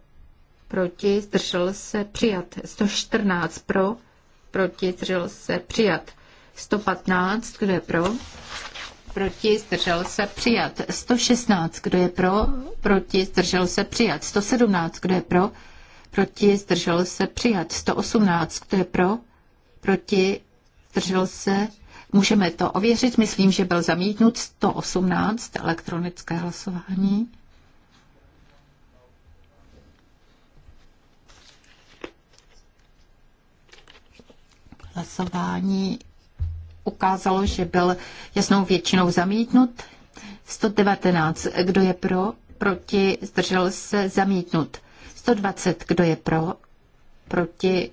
Speaker 1: Proti zdržel se přijat 114 pro? Proti zdržel se přijat 115, kdo je pro? proti, zdržel se přijat. 116, kdo je pro, proti, zdržel se přijat. 117, kdo je pro, proti, zdržel se přijat. 118, kdo je pro, proti, zdržel se. Můžeme to ověřit, myslím, že byl zamítnut 118 elektronické hlasování. Hlasování ukázalo, že byl jasnou většinou zamítnut. 119, kdo je pro, proti, zdržel se, zamítnut. 120, kdo je pro, proti,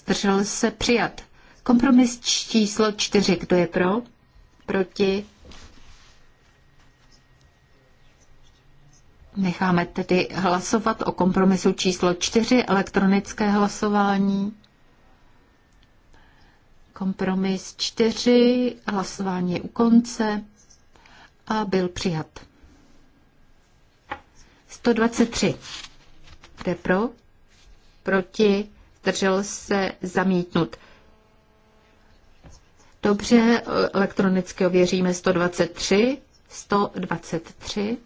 Speaker 1: zdržel se, přijat. Kompromis číslo 4, kdo je pro, proti, Necháme tedy hlasovat o kompromisu číslo 4 elektronické hlasování. Kompromis čtyři, hlasování je u konce a byl přijat. 123. Kde pro? Proti? Zdržel se zamítnut. Dobře, elektronicky ověříme 123. 123.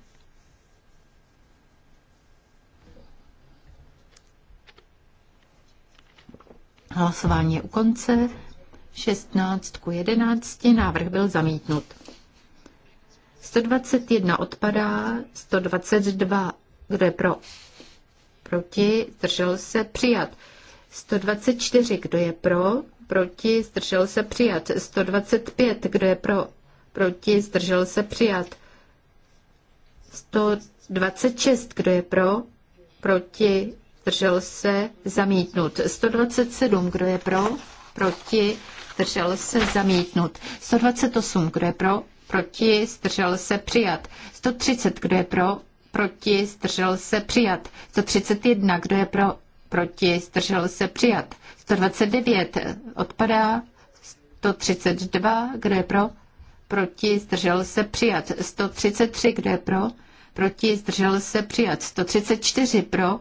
Speaker 1: Hlasování je u konce 16 ku 11, návrh byl zamítnut. 121 odpadá, 122, kdo je pro? Proti, zdržel se, přijat. 124, kdo je pro? Proti, zdržel se, přijat. 125, kdo je pro? Proti, zdržel se, přijat. 126, kdo je pro? Proti, zdržel se, zamítnut. 127, kdo je pro? Proti, zdržel se zamítnut. 128, kdo je pro, proti, zdržel se přijat. 130, kdo je pro, proti, zdržel se přijat. 131, kdo je pro, proti, zdržel se přijat. 129 odpadá. 132, kdo je pro, proti, zdržel se přijat. 133, kdo je pro, proti, zdržel se přijat. 134 pro,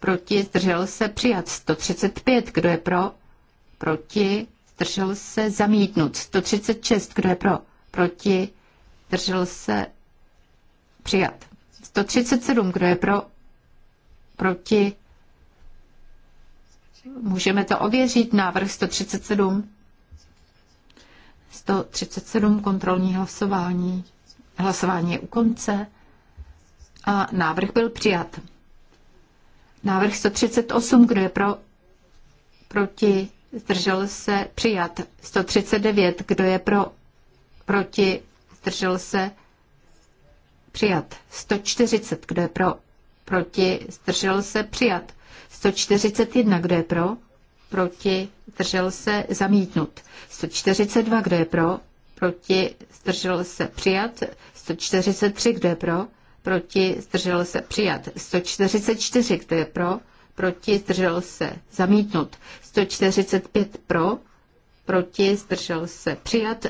Speaker 1: proti, zdržel se přijat. 135, kdo je pro, proti, zdržel se, zamítnut. 136, kdo je pro, proti, zdržel se, přijat. 137, kdo je pro, proti, můžeme to ověřit, návrh 137. 137 kontrolní hlasování. Hlasování je u konce a návrh byl přijat. Návrh 138, kdo je pro, proti, zdržel se, přijat. 139, kdo je pro, proti, zdržel se, přijat. 140, kdo je pro, proti, zdržel se, přijat. 141, kdo je pro, proti, zdržel se, zamítnut. 142, kdo je pro, proti, zdržel se, přijat. 143, kdo je pro, proti, zdržel se, přijat. 144, kdo je pro, proti, zdržel se, zamítnut. 145 pro, proti, zdržel se, přijat.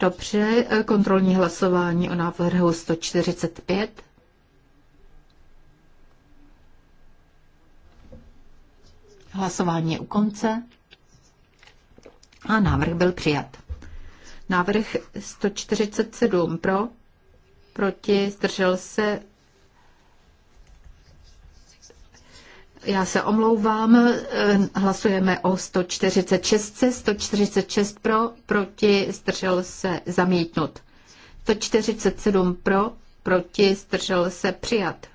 Speaker 1: Dobře, eh, kontrolní hlasování o návrhu 145. Hlasování je u konce a návrh byl přijat. Návrh 147 pro, proti, zdržel se, Já se omlouvám, eh, hlasujeme o 146, 146 pro, proti, zdržel se zamítnut. 147 pro, proti, zdržel se přijat.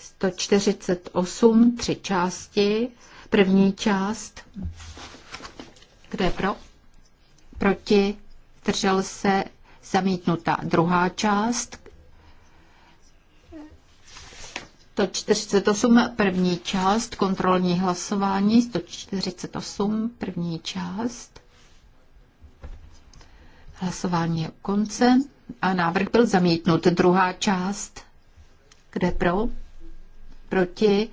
Speaker 1: 148, tři části, první část, kde pro, proti, zdržel se zamítnutá. Druhá část, 148 první část, kontrolní hlasování, 148 první část. Hlasování je u konce a návrh byl zamítnut. Druhá část, kde pro, proti,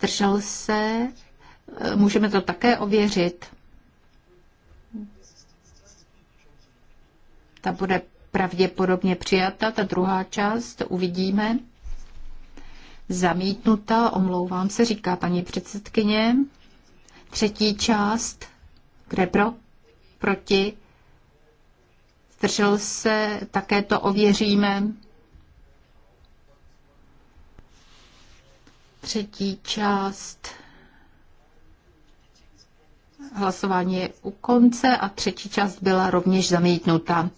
Speaker 1: držel se, můžeme to také ověřit. Ta bude pravděpodobně přijata, ta druhá část, uvidíme. Zamítnuta, omlouvám se, říká paní předsedkyně. Třetí část, kde pro, proti, zdržel se, také to ověříme. Třetí část. Hlasování je u konce a třetí část byla rovněž zamítnuta.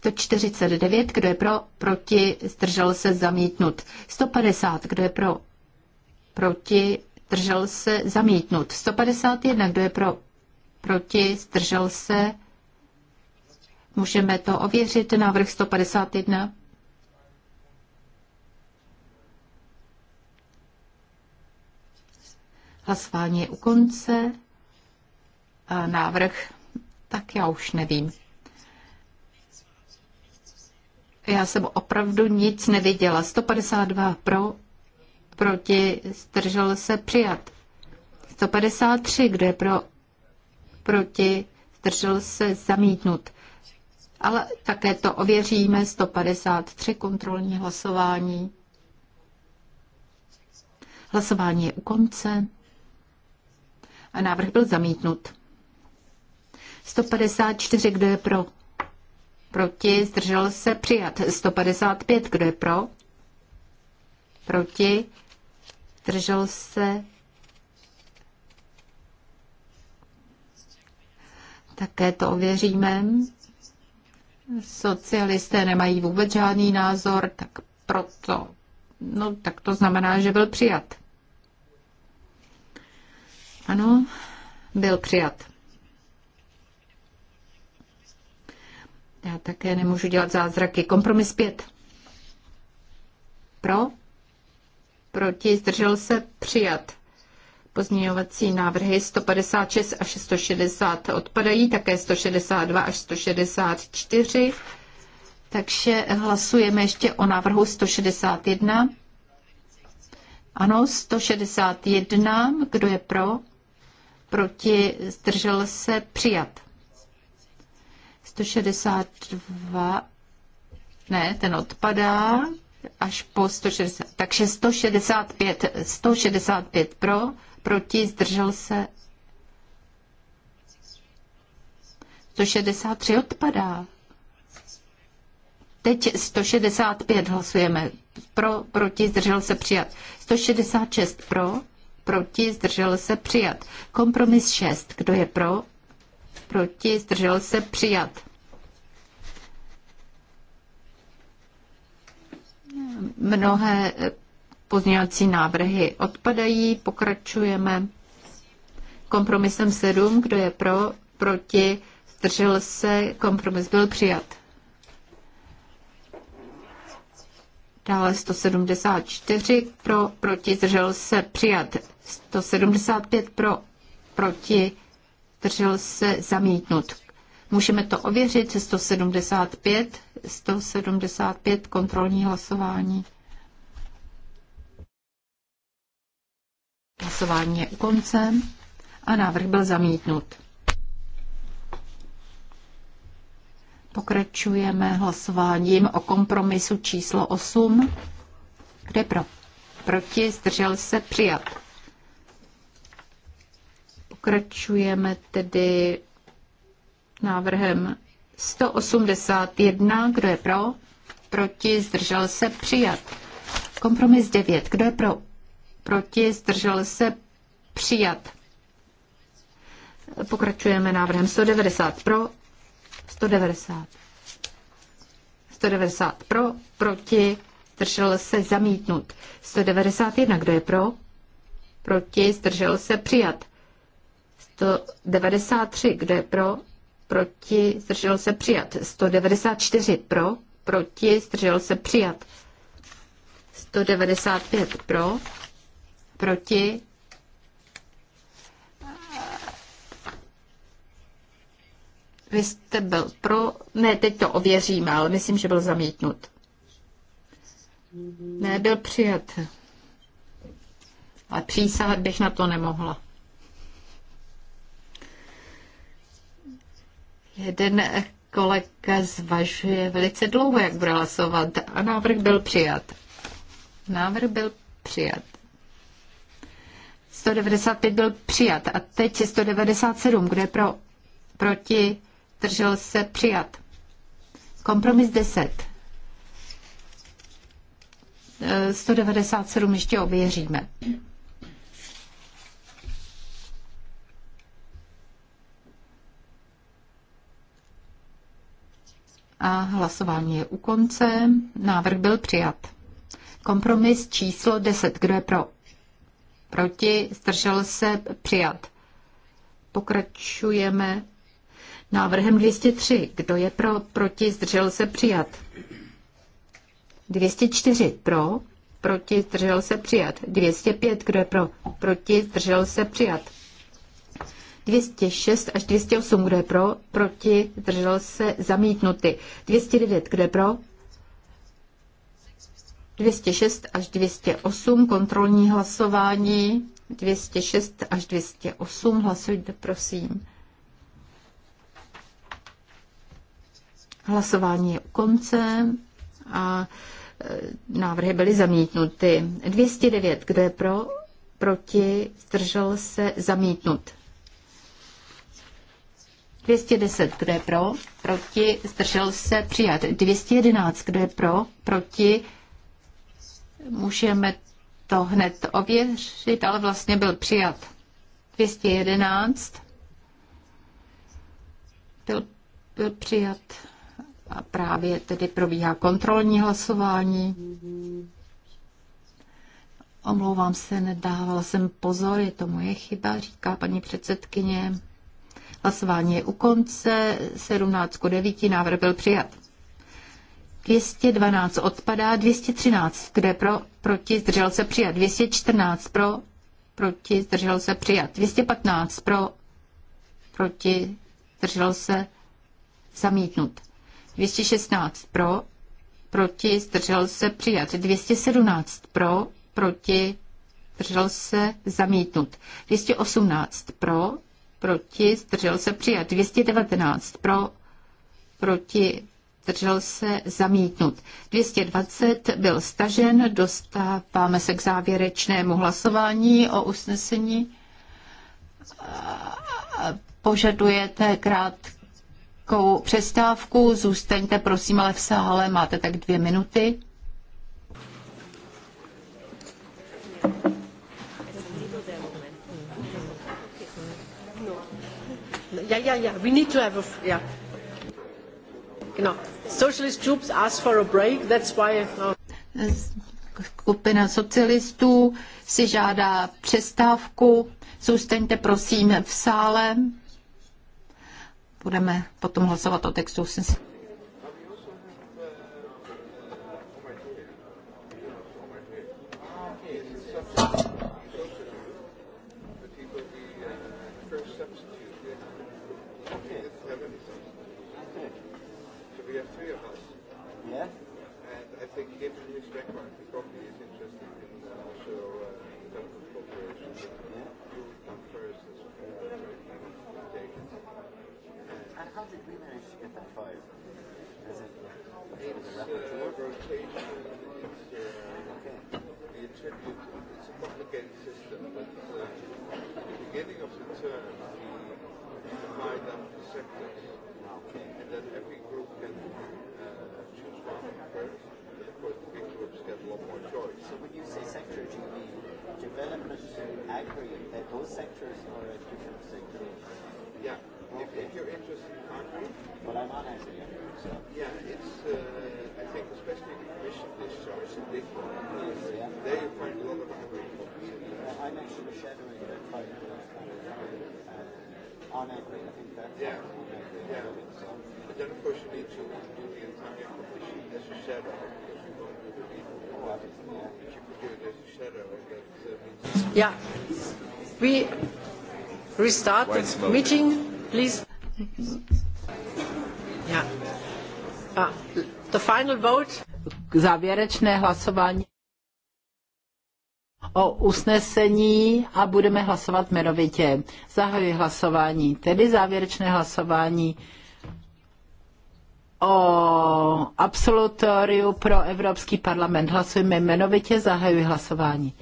Speaker 1: 149, kdo je pro, proti, zdržel se zamítnut. 150, kdo je pro, proti, zdržel se zamítnut. 151, kdo je pro, proti, zdržel se. Můžeme to ověřit, návrh 151. Hlasování je u konce. A návrh, tak já už nevím. Já jsem opravdu nic neviděla. 152 pro, proti, zdržel se přijat. 153, kdo je pro, proti, zdržel se zamítnut. Ale také to ověříme, 153 kontrolní hlasování. Hlasování je u konce a návrh byl zamítnut. 154, kdo je pro? Proti? Zdržel se? Přijat. 155. Kdo je pro? Proti? Zdržel se? Také to ověříme. Socialisté nemají vůbec žádný názor, tak proto. No, tak to znamená, že byl přijat. Ano, byl přijat. Já také nemůžu dělat zázraky. Kompromis pět. Pro? Proti? Zdržel se? Přijat. Pozměňovací návrhy 156 až 160 odpadají, také 162 až 164. Takže hlasujeme ještě o návrhu 161. Ano, 161. Kdo je pro? Proti? Zdržel se? Přijat. 162, ne, ten odpadá až po 160, takže 165, 165 pro, proti, zdržel se 163 odpadá. Teď 165 hlasujeme. Pro, proti, zdržel se přijat. 166 pro, proti, zdržel se přijat. Kompromis 6. Kdo je pro, proti, zdržel se, přijat. Mnohé pozměňovací návrhy odpadají, pokračujeme kompromisem 7, kdo je pro, proti, zdržel se, kompromis byl přijat. Dále 174 pro, proti, zdržel se, přijat. 175 pro, proti, zdržel se zamítnut. Můžeme to ověřit, 175, 175 kontrolní hlasování. Hlasování je u konce a návrh byl zamítnut. Pokračujeme hlasováním o kompromisu číslo 8. Kde pro? Proti zdržel se přijat. Pokračujeme tedy návrhem 181. Kdo je pro? Proti? Zdržel se? Přijat. Kompromis 9. Kdo je pro? Proti? Zdržel se? Přijat. Pokračujeme návrhem 190 pro, 190. 190 pro, proti, zdržel se zamítnut. 191, kdo je pro? Proti, zdržel se přijat. 193, kde pro, proti, zdržel se přijat. 194 pro, proti, zdržel se přijat. 195 pro, proti, Vy jste byl pro, ne, teď to ověříme, ale myslím, že byl zamítnut. Ne, byl přijat. Ale přísahat bych na to nemohla. Jeden kolega zvažuje velice dlouho, jak bude hlasovat a návrh byl přijat. Návrh byl přijat. 195 byl přijat a teď je 197, kde pro, proti držel se přijat. Kompromis 10. 197 e, ještě ověříme. A hlasování je u konce. Návrh byl přijat. Kompromis číslo 10. Kdo je pro? Proti? Zdržel se? Přijat. Pokračujeme návrhem 203. Kdo je pro? Proti? Zdržel se? Přijat. 204. Pro? Proti? Zdržel se? Přijat. 205. Kdo je pro? Proti? Zdržel se? Přijat. 206 až 208, kdo je pro, proti, držel se, zamítnuty. 209, kdo je pro, 206 až 208, kontrolní hlasování, 206 až 208, hlasujte prosím. Hlasování je u konce a e, návrhy byly zamítnuty. 209, kdo je pro, proti, zdržel se, zamítnut. 210, kdo je pro, proti, zdržel se přijat. 211, kdo je pro, proti, můžeme to hned ověřit, ale vlastně byl přijat. 211 byl, byl přijat a právě tedy probíhá kontrolní hlasování. Omlouvám se, nedávala jsem pozor, je to moje chyba, říká paní předsedkyně. Hlasování je u konce. 17 k 9. Návrh byl přijat. 212 odpadá. 213, kde pro, proti, zdržel se přijat. 214 pro, proti, zdržel se přijat. 215 pro, proti, zdržel se zamítnut. 216 pro, proti, zdržel se přijat. 217 pro, proti, zdržel se zamítnut. 218 pro, proti, zdržel se přijat. 219 pro, proti, zdržel se zamítnut. 220 byl stažen, dostáváme se k závěrečnému hlasování o usnesení. Požadujete krátkou přestávku, zůstaňte prosím ale v sále, máte tak dvě minuty.
Speaker 2: Thank you. Yeah, yeah, yeah. We need to have a. Yeah. Genau. Socialist groups for a break. That's why. Uh,
Speaker 1: Skupina socialistů si žádá přestávku. Zůstaňte prosím v sále. Budeme potom hlasovat o textu usnesení.
Speaker 2: we start the meeting, please? Yeah. Uh, the final vote.
Speaker 3: Závěrečné hlasování o usnesení a budeme hlasovat jmenovitě. Zahajuji hlasování, tedy závěrečné hlasování o absolutoriu pro Evropský parlament. Hlasujeme jmenovitě, zahajuji hlasování.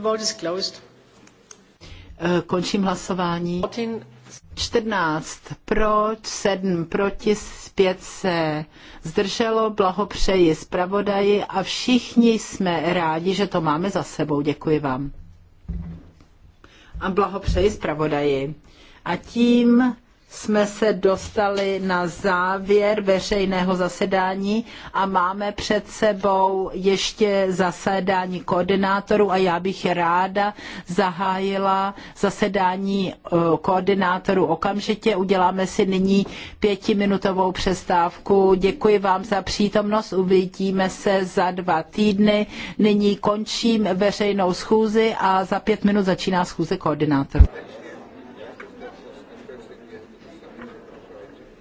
Speaker 2: The vote is closed. Eh, končím hlasování.
Speaker 3: 14 pro, 7 proti, 5 se zdrželo. Blahopřeji zpravodaji a všichni jsme rádi, že to máme za sebou. Děkuji vám. A blahopřeji zpravodaji. A tím jsme se dostali na závěr veřejného zasedání a máme před sebou ještě zasedání koordinátorů a já bych ráda zahájila zasedání eh, koordinátorů okamžitě. Uděláme si nyní pětiminutovou přestávku. Děkuji vám za přítomnost, uvidíme se za dva týdny. Nyní končím veřejnou schůzi a za pět minut začíná schůze koordinátorů.